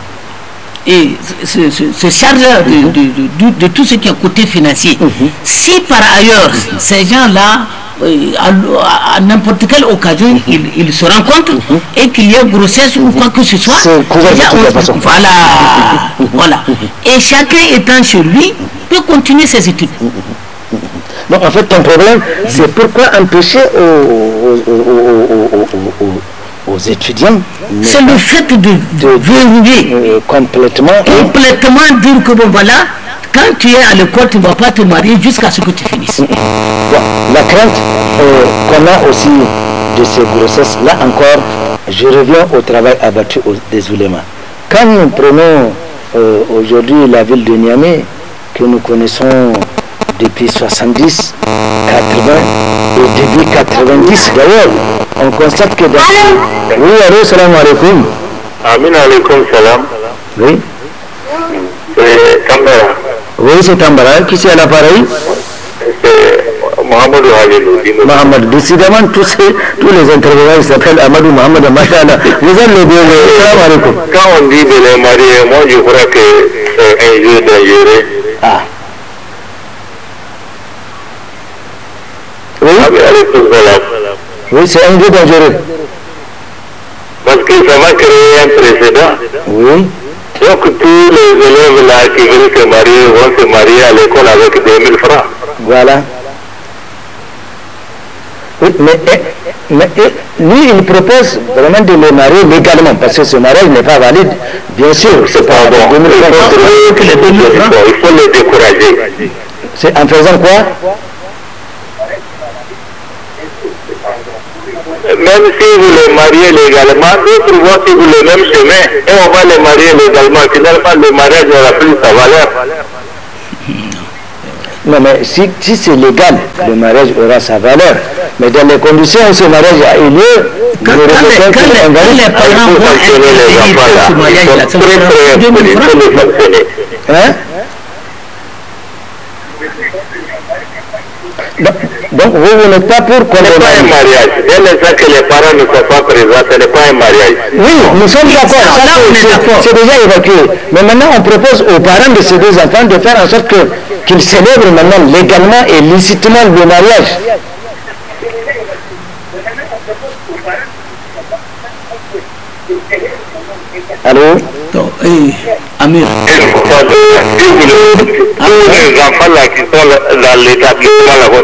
et se, se, charge de, de, de, tout ce qui est côté financier. Si par ailleurs, ces gens-là euh, à, n'importe quelle occasion, il, se rencontre mhm. et qu'il y ait grossesse ou quoi que ce soit. voilà, voilà. Et chacun étant chez lui peut continuer ses études. Donc en fait, ton problème, c'est pourquoi empêcher aux, étudiants. C'est le fait de, de, euh, complètement. Hein. Complètement dire que bon voilà, quand tu es à l'école, tu ne vas pas te marier jusqu'à ce que tu finisses. La crainte euh, qu'on a aussi de ces grossesses, là encore, je reviens au travail abattu des oulémas. Quand nous prenons euh, aujourd'hui la ville de Niamey, que nous connaissons depuis 70, 80 et depuis 90 d'ailleurs, on constate que... Dans... Oui, salam alaikum. salam. Oui. वही से टम्बरा किसी अलापाराई محمد محمد بسي ده من تسي طول زن تربوي سفل امد محمد ما شاء الله نزل له بيقول السلام عليكم كان دي بلا ماري ما يخرك ايجو ده يري اه ويس انجو ده يري بس كيف ما كريان بريسيدا وي Donc tous les élèves là qui veulent se marier vont se marier à l'école avec 2000 francs. Voilà. Oui, mais, eh, eh, lui, il propose vraiment de les marier légalement, parce que ce mariage n'est pas valide, bien sûr. C'est pas, bon. 2000 francs. Il faut le décourager. C'est en faisant quoi même si vous les mariez légalement, d'autres vous le même chemin et on va les marier légalement. le mariage n'aura plus sa valeur. Non, mais si, c'est légal, le mariage aura sa valeur. Mais dans les conditions où ce mariage a eu lieu, les, parents vont Donc vous, n'êtes pas pour qu'on Ce pas un mariage. Dès les gens que les parents ne sont pas présents, ce n'est pas un mariage. Oui, nous sommes d'accord. c'est déjà évacué. Mais maintenant, on propose aux parents de ces deux enfants de faire en sorte qu'ils célèbrent maintenant légalement et licitement le mariage. Allô Donc, hey, Amir. Tous ah. les enfants là qui sont dans l'établissement là,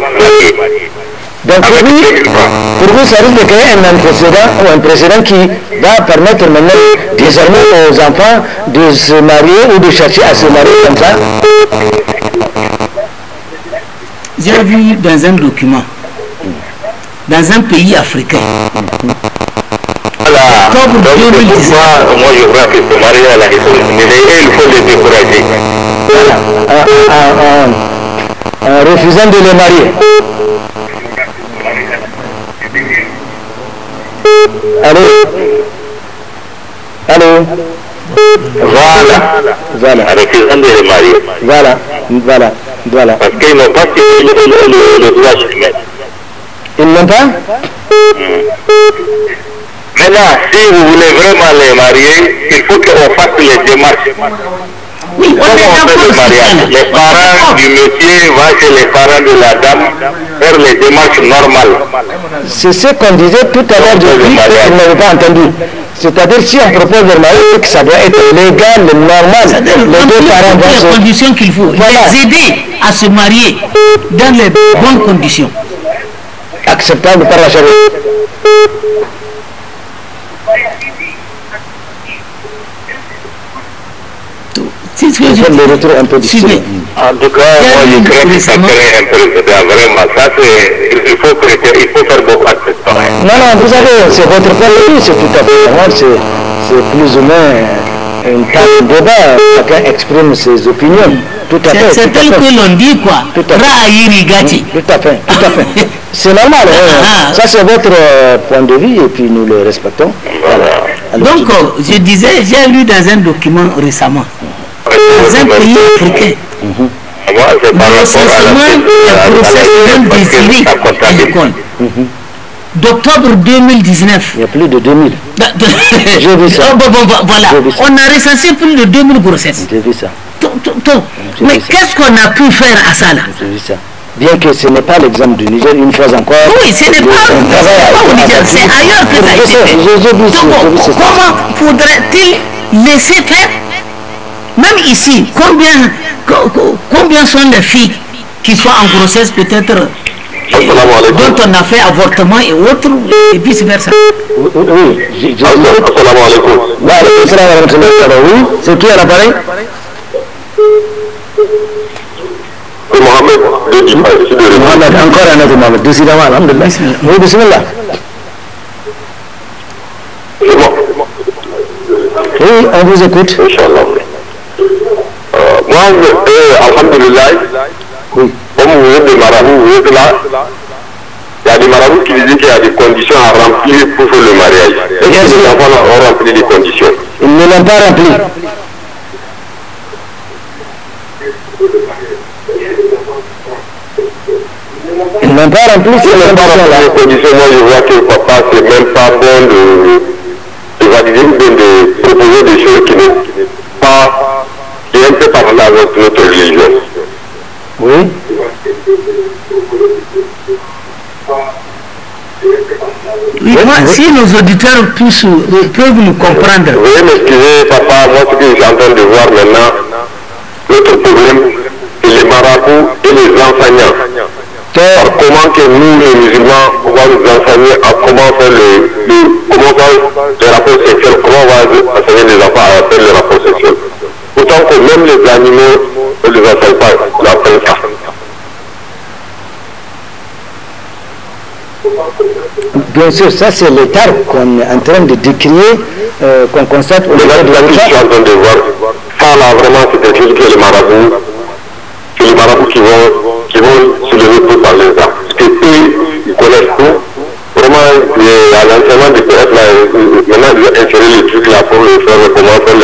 donc pour ah, pour vous, ça risque de créer un précédent ou un précédent qui va permettre maintenant désormais aux enfants de se marier ou de chercher à se marier comme ça. J'ai vu dans un document, dans un pays africain, Voilà. Comme Donc, c'est pourquoi moi je crois que ce mariage là, ils sont et il faut les décourager. Voilà. En, en, en, en refusant de les marier. Allô Allô Voilà. Voilà. En refusant de les marier. Voilà. Voilà. Voilà. Parce qu'ils n'ont pas le, le, le droit de se mettre. Ils n'ont pas mmh. Maintenant, si vous voulez vraiment les marier, il faut qu'on fasse les démarches. Oui, on, fait le mariage. Les parents du monsieur vont chez les parents de la dame faire les démarches normales. C'est ce qu'on disait tout à l'heure, je ne l'ai pas entendu. C'est-à-dire si on propose le mariage, ça doit être légal, normal. Les deux parents doivent les conditions qu'il faut. Les aider à se marier dans les bonnes conditions. Acceptable par la chaleur. C'est ce que je dis. un peu En tout cas, moi, je crains que ça crée un président. Vraiment, ça, c'est. Il faut, faire beaucoup de Non, non, vous savez, c'est votre point de vue, c'est tout à fait normal. C'est plus ou moins une table de débat. Chacun exprime ses opinions. Tout à fait. C'est tel que l'on dit, quoi. Tout à fait. Tout à fait. Tout à fait. C'est normal. Ah, ah. Ça, c'est votre euh, point de vue et puis nous le respectons. Voilà. Donc, euh, je disais, j'ai lu dans un document récemment dans un pays africain. Moi, je parle le process même désiré à l'école. Mm-hmm. D'octobre 2019. Il y a plus de 2000. Bah, je ça. Oh, voilà. On a recensé plus de 2000 procès. Je ça. Mais qu'est-ce qu'on a pu faire à ça là Je ça. Bien que ce n'est pas l'exemple du Niger, une fois encore. Oui, ce n'est pas, au Niger, c'est ailleurs que ça été fait. comment faudrait-il laisser faire même ici, combien, combien sont les filles qui sont en grossesse peut-être dont on a fait avortement et autres, et vice versa. Oui, oui. C'est qui à l'appareil Mohamed, Mohamed, encore un autre Mohamed, décidément, alhamdulillah. Oui, bismillah. Oui, on vous écoute. Inch'Allah moi, eh, Alhamdulillah, comme vous êtes des marabouts, vous êtes là. Il y a des marabouts qui disent qu'il y a des conditions à remplir pour faire le mariage. Et que les enfants pas rempli les conditions Ils ne l'ont pas rempli. Ils n'ont pas rempli ces conditions-là. Les conditions, moi je vois que papa, c'est même pas bon de, de proposer des choses qui n'est pas avec notre religion. Oui. si nos auditeurs euh, peuvent nous comprendre. mais excusez, papa, moi ce que en train de voir maintenant, notre problème, c'est les marabouts et les enseignants. comment que nous, les musulmans, pouvons nous enseigner à comment faire les, comment faire le rapports sexuels, comment on va enseigner les enfants à faire les rapports sexuels. Autant que même les animaux ne les appellent pas, ils l'appellent ça. Bien sûr, ça c'est l'état qu'on est en train de décrire, euh, qu'on constate aujourd'hui. niveau de je suis en train de voir, ça là vraiment c'est quelque chose que les marabouts, que les marabouts qui vont, qui vont se lever pour parler de ça. Parce que eux, ils connaissent tout, vraiment, à l'entraînement du peut là, maintenant ils ont inséré les trucs là pour les faire, recommencer,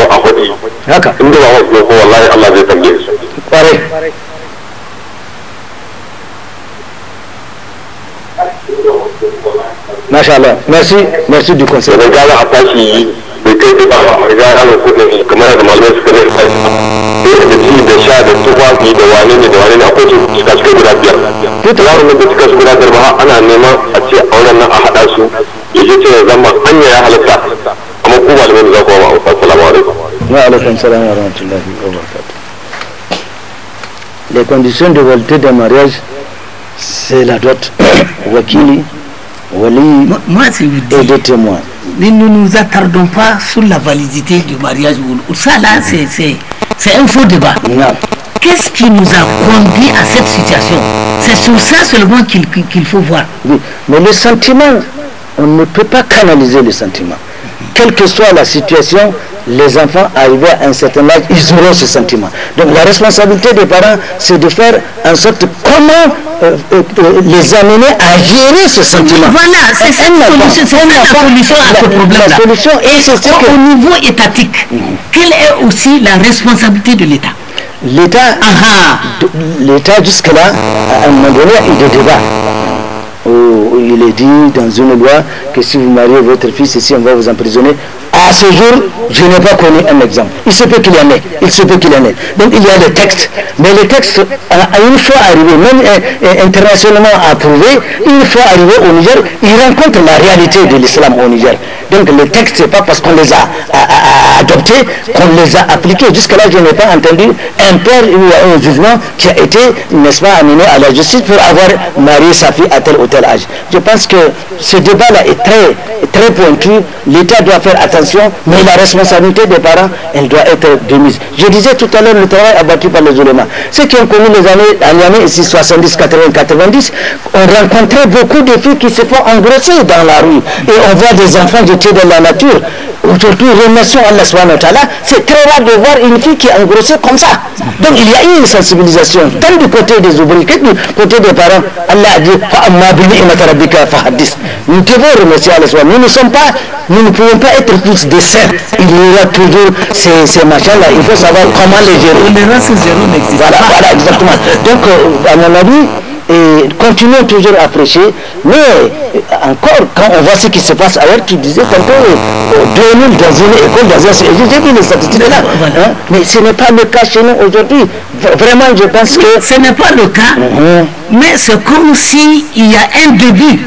zo a kuɗi haka inda ba wasu ko wallahi Allah zai tambaye su kwarai Masha Allah, merci, merci du conseil. Idan gaza a tashi bai kai da dama, riga ya mai kuɗi kamar da malamai suka zai kai. da ci da sha da tufafi da wane ne da wane ne akwai cika cikin guda biyar. Duk wani da cika su guda biyar ba ana neman a ce auren nan a haɗa su ya je zama hanya ya halatta. kuma ko malamai da za Les conditions de validité d'un mariage, c'est la dot, wakili, wali et des témoins. Mais nous ne nous attardons pas sur la validité du mariage. Ça là, c'est un faux débat. Qu'est-ce qui nous a conduit à cette situation C'est sur ça seulement qu'il faut voir. mais le sentiment, on ne peut pas canaliser le sentiment. Quelle que soit la situation, les enfants arrivés à un certain âge, ils auront ce sentiment. Donc la responsabilité des parents, c'est de faire en sorte comment euh, euh, euh, les amener à gérer ce sentiment. Voilà, c'est la solution à ce problème-là. solution est, Au niveau étatique, mhm. quelle est aussi la responsabilité de l'État L'État, ah, ah. l'État jusque-là, à un moment donné, il est débat. Oh, il est dit dans une loi que si vous mariez votre fils ici, on va vous emprisonner. À ce jour, je n'ai pas connu un exemple. Il se peut qu'il y en ait. Il se peut qu'il y en ait. Donc il y a des textes. Mais les textes, une fois arrivés, même euh, euh, internationalement approuvés, une fois arrivés au Niger, ils rencontrent la réalité de l'islam au Niger. Donc les textes, n'est pas parce qu'on les a, adoptés qu'on les a appliqués. Jusque-là, je n'ai pas entendu un père ou un jugement qui a été, n'est-ce pas, amené à la justice pour avoir marié sa fille à tel ou tel âge. Je pense que ce débat-là est très, très pointu. L'État doit faire attention, mais la responsabilité des parents, elle doit être démise. Je disais tout à l'heure le travail abattu par les ulémas. Ceux qui ont connu les années, ici, 70, 80, 90, ont rencontré beaucoup de filles qui se font engrosser dans la rue. Et on voit des enfants, de de la nature. Aujourd'hui, remercions Allah subhanahu wa C'est très rare de voir une fille qui est engrossée comme ça. Donc il y a une sensibilisation, tant du côté des ouvriers que du côté des parents. Allah a dit Nous devons remercier Allah subhanahu Nous ne sommes pas, nous ne pouvons pas être tous des saints. Il y aura toujours ces, ces machins-là. Il faut savoir comment les gérer. Voilà, voilà, exactement. Donc, euh, à mon avis, continuons toujours à prêcher, mais encore, quand on voit ce qui se passe alors tu disais ah. tantôt on euh, 2000 euh, dans une école, dans un... J'ai vu les statistiques là, hein. mais ce n'est pas le cas chez nous aujourd'hui. Vraiment, je pense que... Ce n'est pas le cas, mhm. mais c'est comme s'il y a un début.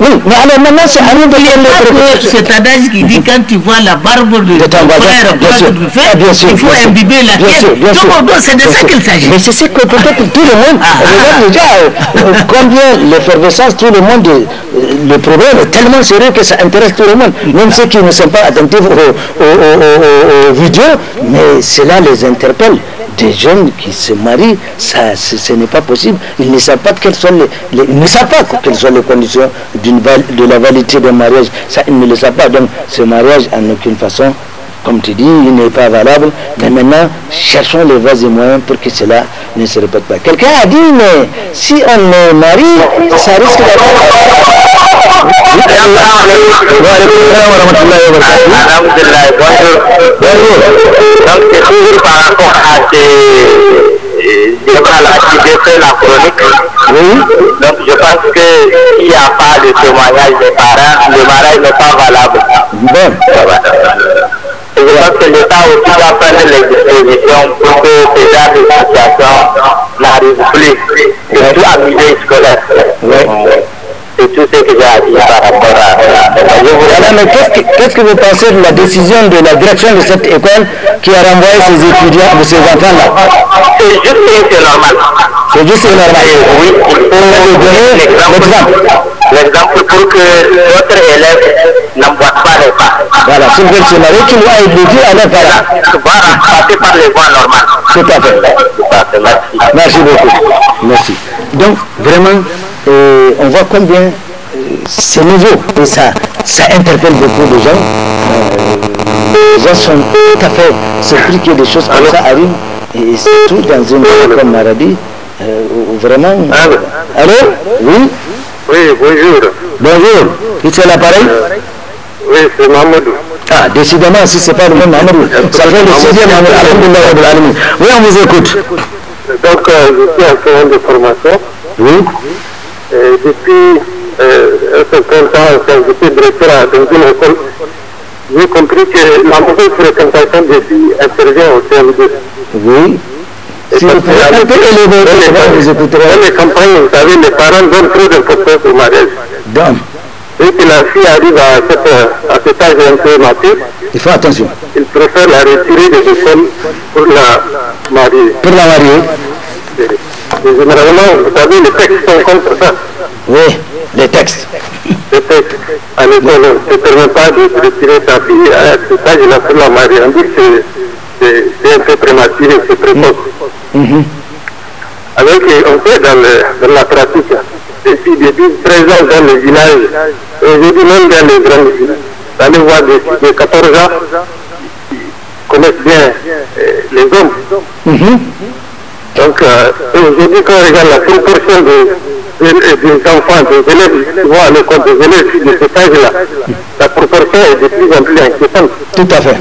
Oui, mais alors maintenant, c'est à nous de ah, cest qui dit quand tu vois la barbe de, de ton il faut imbiber la tête. c'est de ça qu'il s'agit. Mais c'est ce que peut-être tout le monde regarde ah, ah, déjà euh, combien l'effervescence, tout le monde, euh, le problème est tellement sérieux que ça intéresse tout le monde. Même ceux qui ne sont pas attentifs aux, vidéos, mais cela les interpelle des jeunes qui se marient, ça, ce n'est pas possible. Ils ne savent pas quelles sont les, ils ne savent pas quelles sont les conditions de la validité d'un mariage. Ça, ils ne le savent pas. Donc, ce mariage, en aucune façon, comme tu dis, il n'est pas valable. Mais maintenant, cherchons les voies et moyens pour que cela ne se répète pas. Quelqu'un a dit, mais si on est marie, ça risque d'avoir... Je fais la chronique. Oui. Donc je pense que s'il n'y a pas de témoignage des parents, le mariage n'est pas valable. Bon je pense que l'État aussi va prendre les dispositions pour que ces genre de situation n'arrive plus, tout à milieu scolaire. C'est tout ce que j'ai à dire par rapport à Alors, mais qu'est-ce que vous pensez de la décision de la direction de cette école qui a renvoyé ces étudiants ou ces enfants-là C'est juste et c'est normal. C'est juste et normal. Oui, Pour faut donner l'exemple l'exemple pour que d'autres élèves n'emboîtent pas les pas. Voilà, vrai que c'est la qui doit éduquer à leur c'est Voilà, passer par les voies normales. Tout à fait. Merci. Merci beaucoup. Merci. Donc, vraiment, euh, on voit combien euh, c'est nouveau et ça, ça interpelle beaucoup de gens. Euh, les gens sont tout à fait surpris que des choses comme ça arrivent et surtout dans une ville comme Maradi. vraiment. Allô Oui oui, bonjour. Bonjour. Qui c'est l'appareil euh, Oui, c'est Mamadou. Ah, décidément, si c'est pas le même Mamadou, Ça fait le sixième Mamadou. Oui, on vous écoute. Donc, euh, je suis enseignant de formation. Oui. Et depuis euh, un certain temps, quand j'étais directeur dans une école, j'ai compris que la mauvaise fréquentation des filles intervient au CM2. Oui. Si vous pouvez arrêter les votes, les écouterons. Dans les campagnes, vous savez, les parents donnent trop d'importance au mariage. Dame. Et que la fille arrive à, cette, à cet âge un peu mature, il faut attention. Il préfère la retirer de l'école pour la marier. Pour la marier. Mais généralement, vous savez, les textes sont contre ça. Oui, les textes. Les textes. À l'école, on ne permet pas de retirer ta fille à cet âge-là pour la marier. On dit que c'est un peu prématuré, c'est très mauvais mm. mm-hmm. avec Alors euh, qu'on fait dans, la pratique, depuis, depuis 13 ans dans les villages, aujourd'hui même dans les grandes villes, dans les voies de, de 14 ans, ils connaissent bien euh, les hommes. Mm-hmm. Donc euh, aujourd'hui quand on regarde la proportion de, des, des enfants, des élèves, qui vont à l'école, des élèves de cet âge-là, la proportion est de plus en plus inquiétante. Tout à fait.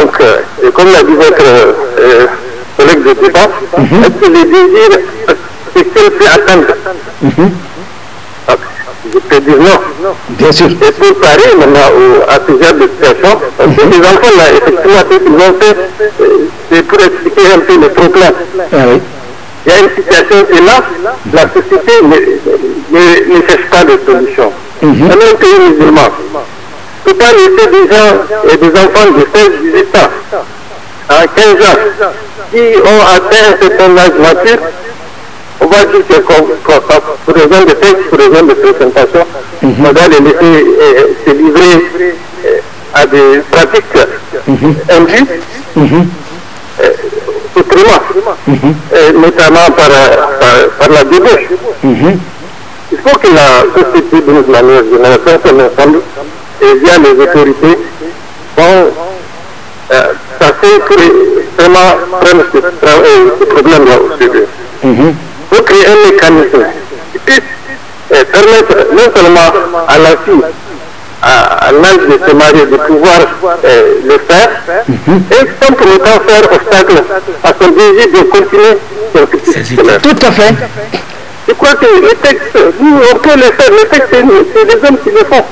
Donc, euh, comme l'a dit votre euh, collègue de débat, mhm. est-ce que les désirs sexuels peut atteindre mm Je peux dire non. Bien sûr. Et pour parler maintenant au, à plusieurs de parce que les enfants, là, effectivement, ce qu'ils ont fait, euh, c'est pour expliquer un peu le problème. Ah, oui. Il y a une situation et là, la société ne, ne, ne cherche pas de solution. Mm -hmm. un pays musulman, pas laisser des gens et des enfants de 16, 18 ans, à 15 ans, qui ont atteint un certain âge mature, on va dire que pour raison de texte, pour raison de présentation, mm -hmm. on doit les laisser euh, se livrer euh, à des pratiques mm -hmm. injustes, mhm. Euh, autrement, mhm. notamment par, par, par, la débauche. Mhm. Il faut que la société, de manière générale, ensemble, et via les autorités vont passer pour vraiment prendre ce, euh, ce problème-là au sérieux. Mhm. Il faut créer un mécanisme qui puisse euh, permettre non seulement à la fille, à, l'âge de se marier, de pouvoir euh, le faire, mhm. et sans pour autant faire obstacle à son désir de continuer Tout à fait je crois que les textes, nous, on peut les faire, les textes, c'est nous, c'est les hommes qui le font.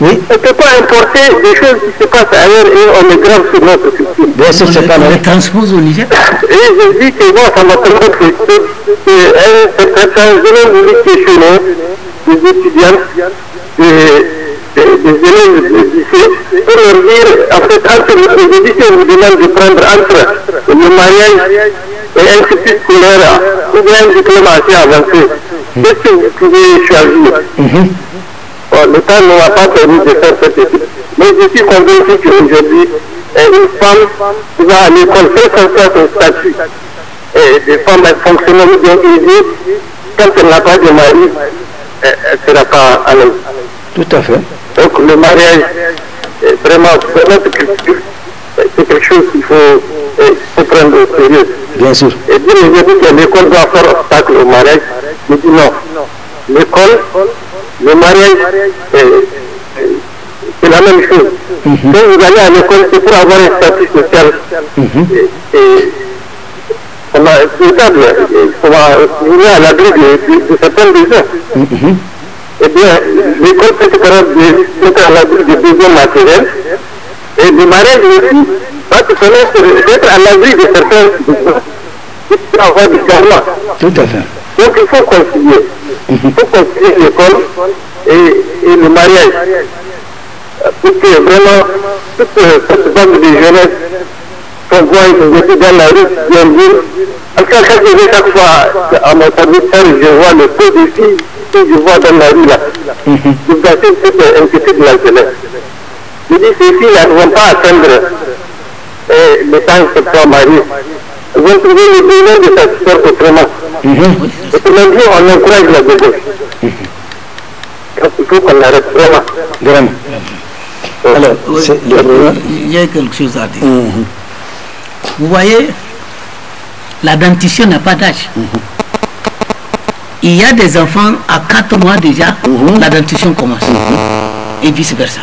Oui. On ne peut pas importer des choses qui se passent ailleurs et on est grave sur notre culture. Bien sûr, c'est pas mal. transpose au Niger. Et je dis que moi, ça m'a tellement frustré que certains élèves chez moi, des étudiants, des, élèves du lycée, pour leur dire, en fait, entre les on vous demande de prendre entre le mariage et un petit scolaire ou bien un diplôme assez avancé. Hmm. Qu'est-ce que vous pouvez choisir mhm. Le temps ne m'a pas permis de faire cette étude. Mais je suis convaincu qu'aujourd'hui, une femme qui va à l'école, quel que soit son statut, et des femmes fonctionnent bien aisées, quand elle n'a pas de mari, elle ne sera pas à l'aise. Tout à fait. Donc le mariage, est vraiment, c'est notre culture c'est quelque chose qu'il euh, faut, prendre au sérieux. Bien sûr. Et bien, que l'école doit faire obstacle au mariage. Je dis non. L'école, le mariage, c'est la même chose. Mm Quand vous allez à l'école, c'est pour avoir un statut social. Mm -hmm. et, et, on a on va à l'abri de, de, certains besoins. Mm Eh bien, l'école c'est être à l'abri des besoins matériels. Et du mariage aussi, va te connaître, d'être à l'abri de certains qui avoir du karma. Tout à fait. Donc il faut concilier. Il faut concilier l'école et, le mariage. Parce que vraiment toute cette bande de jeunesse qu'on voit aujourd'hui dans la rue, bien dit, en tout chaque fois à mon service, je vois le peu de filles que je vois dans la rue là, je bâtis toute inquiétude de la jeunesse difficiles elles ne pas atteindre euh, le temps que toi, Marie, vont trouver le moyen de satisfaire autrement. Mm -hmm. Autrement dit, on encourage la bébé. Mm -hmm. il faut qu'on arrête vraiment. Euh, Alors, euh, il y a quelque chose à dire. Mhm. Vous voyez, la dentition n'a pas d'âge. Mhm. Il y a des enfants à 4 mois déjà, mhm. la dentition commence. Et vice-versa.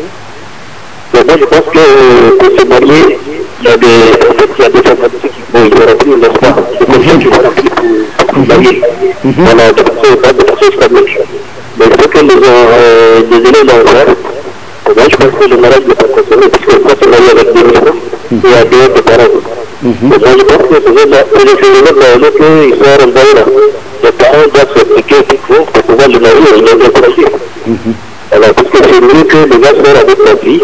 Mais moi je pense que pour euh, se marier, il y a des il y a des femmes qui vont remplir leur pas. C'est pour ça que remplir pour se marier. Voilà, de façon, pas de façon islamique. Mais il faut que les, euh, les élèves en fassent. Moi je pense que le mariage n'est pas concerné. parce que quand on marie avec des enfants, mhm. il y a des parents. Mm -hmm. Donc je pense que c'est là, et je suis là, ils sont renvoyés là. Les parents doivent s'expliquer pour pouvoir le marier et le réfléchir. Alors, parce que c'est mieux que les gars soient avec la fille.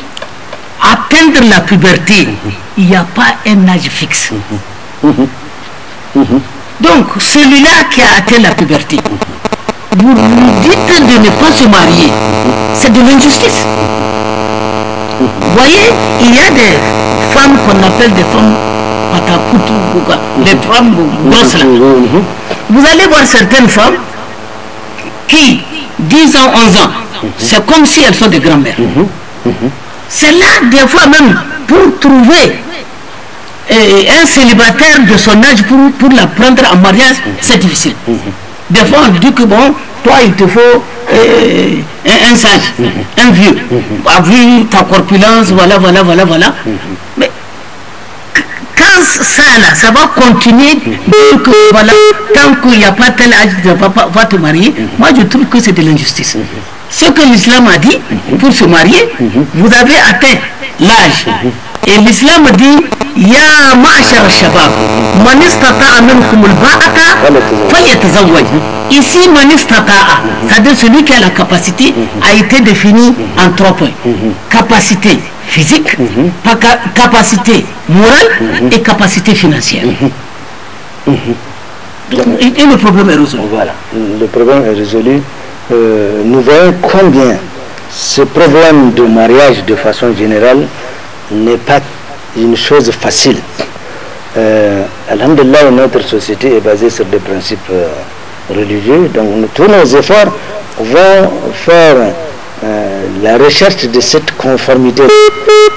atteindre la puberté, il n'y a pas un âge fixe. Donc, celui-là qui a atteint la puberté, vous lui dites de ne pas se marier. C'est de l'injustice. Vous voyez, il y a des femmes qu'on appelle des femmes patapoutou, les femmes grosses Vous allez voir certaines femmes qui, 10 ans, 11 ans, c'est comme si elles sont des grand-mères. C'est là, des fois même, pour trouver euh, un célibataire de son âge pour, pour la prendre en mariage, c'est difficile. Des fois, on dit que bon, toi, il te faut euh, un, sage, un vieux, à bah, vu ta corpulence, voilà, voilà, voilà, voilà. Mais quand ça, là, ça va continuer, voilà, tant qu'il n'y a pas tel âge, de ne te marier, moi, je trouve que c'est de l'injustice ce que l'islam a dit pour se marier, vous avez atteint l'âge. Et l'islam dit Ya ma'ashar shabab, man minkum al Ici c'est-à-dire celui qui a la capacité a été défini en trois points. Capacité physique, capacité morale et capacité financière. Et le problème est résolu. Voilà, le problème est résolu. Euh, nous voyons combien ce problème de mariage de façon générale n'est pas une chose facile. Euh, Alhamdulillah, notre société est basée sur des principes euh, religieux, donc tous nos efforts vont faire euh, la recherche de cette conformité.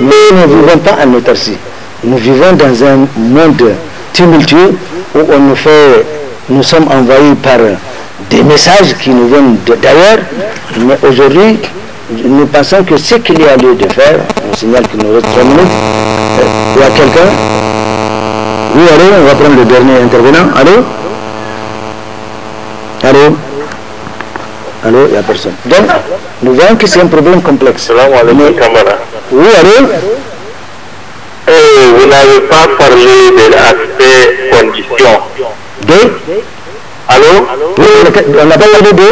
Mais nous ne vivons pas en autarcie. Nous vivons dans un monde tumultueux où on nous fait, nous sommes envahis par des messages qui nous viennent d'ailleurs, mais aujourd'hui, nous pensons que ce qu'il y a lieu de faire, on signale qu'il nous reste 3 minutes, il euh, y a quelqu'un Oui, allô, on va prendre le dernier intervenant. Allô Allô Allô, il n'y a personne. Donc, nous voyons que c'est un problème complexe. Oui, allô Et euh, Vous n'avez pas parlé de l'aspect condition. De Allô Oui, on appelle la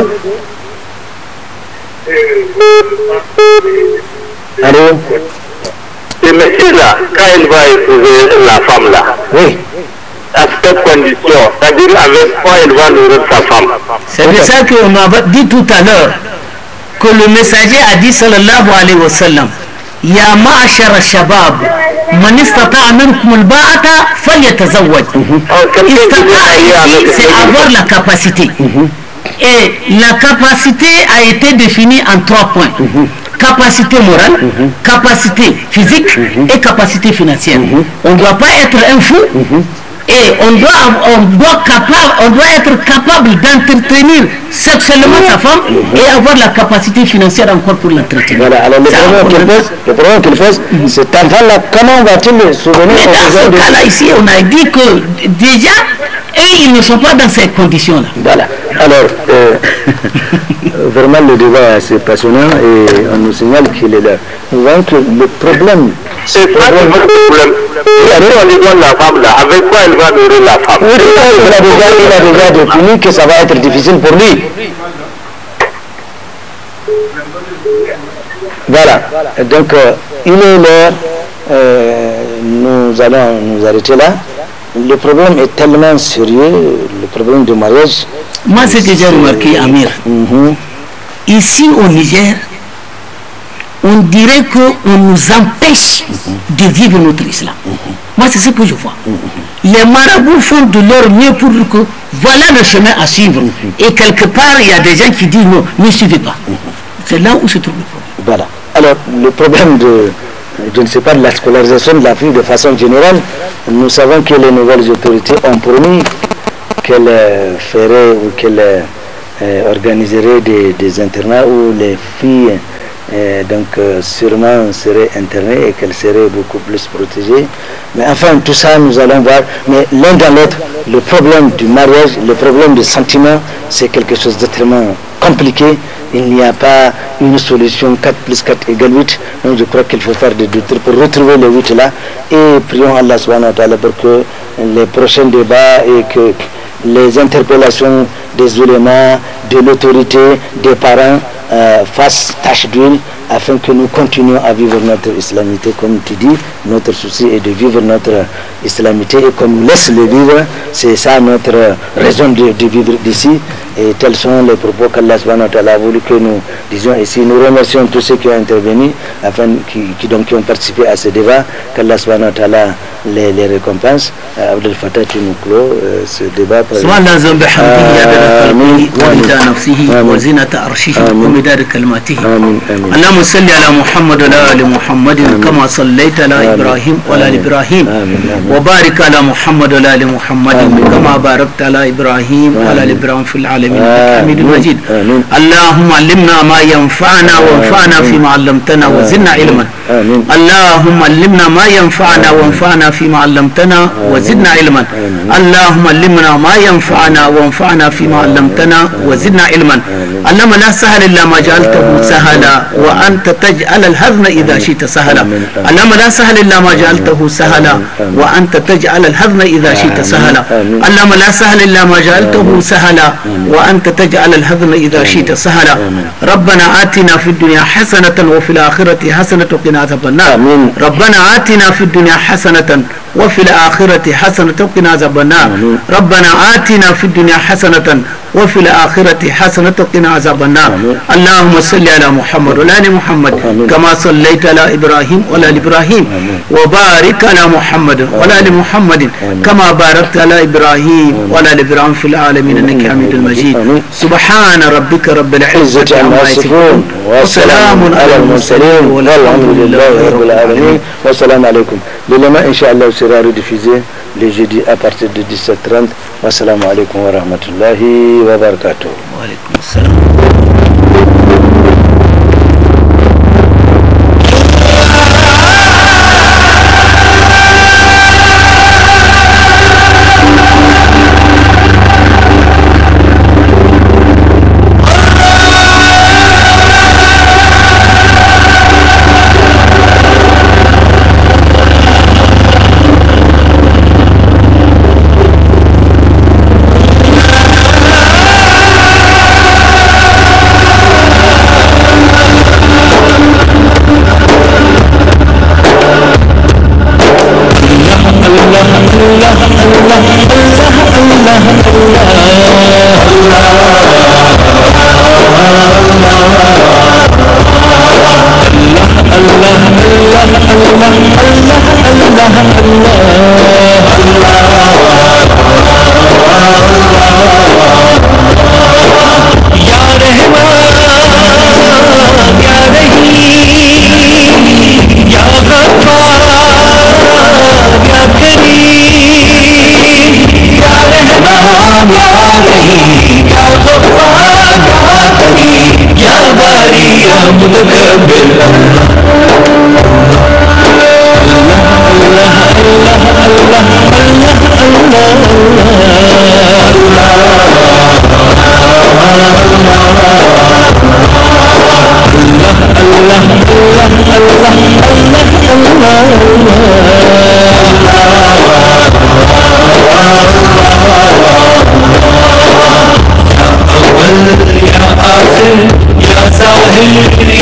Allô Le monsieur là, quand il va épouser la femme là, oui. à cette condition, c'est-à-dire avec quoi il va nourrir sa femme. C'est pour ça qu'on m'a dit tout à l'heure, que le messager a dit sallallahu alayhi wa sallam c'est avoir la capacité et eh, la capacité a été définie en trois points capacité morale, capacité physique et capacité financière. On ne doit pas être un fou et on doit, capable, on doit être capable d'entretenir sexuellement sa femme mhm. et avoir la capacité financière encore pour l'entretenir. Voilà, alors le problème qu'il pose, c'est mhm. cet là comment va-t-il se Mais dans ce cas-là, ici, on a dit que déjà, eux, ils ne sont pas dans ces conditions-là. Voilà. Alors, euh, Vraiment, le débat est assez passionnant et on nous signale qu'il est là. Nous voyons que le problème. C'est pas le problème. Avec on de la femme là, avec quoi elle va nourrir la femme Oui, il a déjà, il a déjà que ça va être difficile pour lui. Voilà. Donc, euh, il est l'heure. Euh, nous allons nous arrêter là le problème est tellement sérieux, le problème du mariage. Moi, c'est déjà remarqué, Amir, mhm. ici au Niger, on dirait qu'on nous empêche mhm. de vivre notre islam. Mhm. Moi, c'est ce que je vois. Les marabouts font de leur mieux pour que voilà le chemin à suivre. Et quelque part, il y a des gens qui disent non, ne suivez pas. C'est là où se trouve le problème. Voilà. Alors, le problème de, je ne sais pas, de la scolarisation de la fille de façon générale. Nous savons que les nouvelles autorités ont promis qu'elles euh, feraient ou qu'elles euh, euh, organiseraient des, internats où les filles donc sûrement seraient internées et qu'elles seraient beaucoup plus protégées. Mais enfin, tout ça, nous allons voir. Mais l'un dans l'autre, le problème du mariage, le problème des sentiments, c'est quelque chose d'extrêmement compliqué il n'y a pas une solution 4 plus 4 égale 8. Donc je crois qu'il faut faire des deux pour retrouver les 8 là. Et prions Allah subhanahu wa ta'ala pour que les prochains débats et que les interpellations des éléments, de l'autorité, des parents euh, fassent tâche d'huile afin que nous continuions à vivre notre islamité comme tu dis. Notre souci est de vivre notre islamité et comme laisse le vivre. C'est ça notre raison de, vivre d'ici. Et tels sont les propos qu'Allah a voulu que nous disions ici. Nous remercions tous ceux qui ont intervenu, afin, qui, donc, qui ont participé à ce débat. Qu'Allah les, les récompenses euh, Abdel Fattah, tu nous clôt euh, ce débat. Par... اللهم صل على محمد وعلى ال محمد كما صليت على ابراهيم وعلى ال ابراهيم وبارك على محمد وعلى ال محمد كما باركت على ابراهيم وعلى ال ابراهيم في العالمين حميد مجيد اللهم علمنا ما ينفعنا وانفعنا فيما علمتنا وزدنا علما اللهم علمنا ما ينفعنا وانفعنا فيما علمتنا وزدنا علما اللهم علمنا ما ينفعنا وانفعنا فيما علمتنا وزدنا علما اللهم لا سهل الا ما جعلته سهلا أنت تجعل الهزن إذا شئت سهلا اللهم لا سهل إلا ما جعلته سهلا وأنت تجعل الهزن إذا شئت سهلا اللهم لا سهل إلا ما جعلته سهلا وأنت تجعل الهزن إذا شئت سهلا ربنا آتنا في الدنيا حسنة وفي الآخرة حسنة وقنا عذاب النار ربنا آتنا في الدنيا حسنة وفي الآخرة حسنة وقنا عذاب النار ربنا آتنا في الدنيا حسنة وفي الآخرة حسنة قنا عذاب النار اللهم صل على محمد وعلى آل محمد كما صليت على إبراهيم وعلى آل إبراهيم وبارك على محمد وعلى آل محمد كما باركت على إبراهيم وعلى آل إبراهيم في العالمين إنك حميد المجيد سبحان ربك رب العزة عما يصفون وسلام على المرسلين والحمد لله رب العالمين والسلام عليكم للما إن شاء الله sera rediffusé les jeudis à partir de 17h30 والسلام عليكم ورحمة الله وبركاته وعليكم السلام الله الله الله الله الله الله الله الله الله الله الله الله الله الله الله الله الله الله يا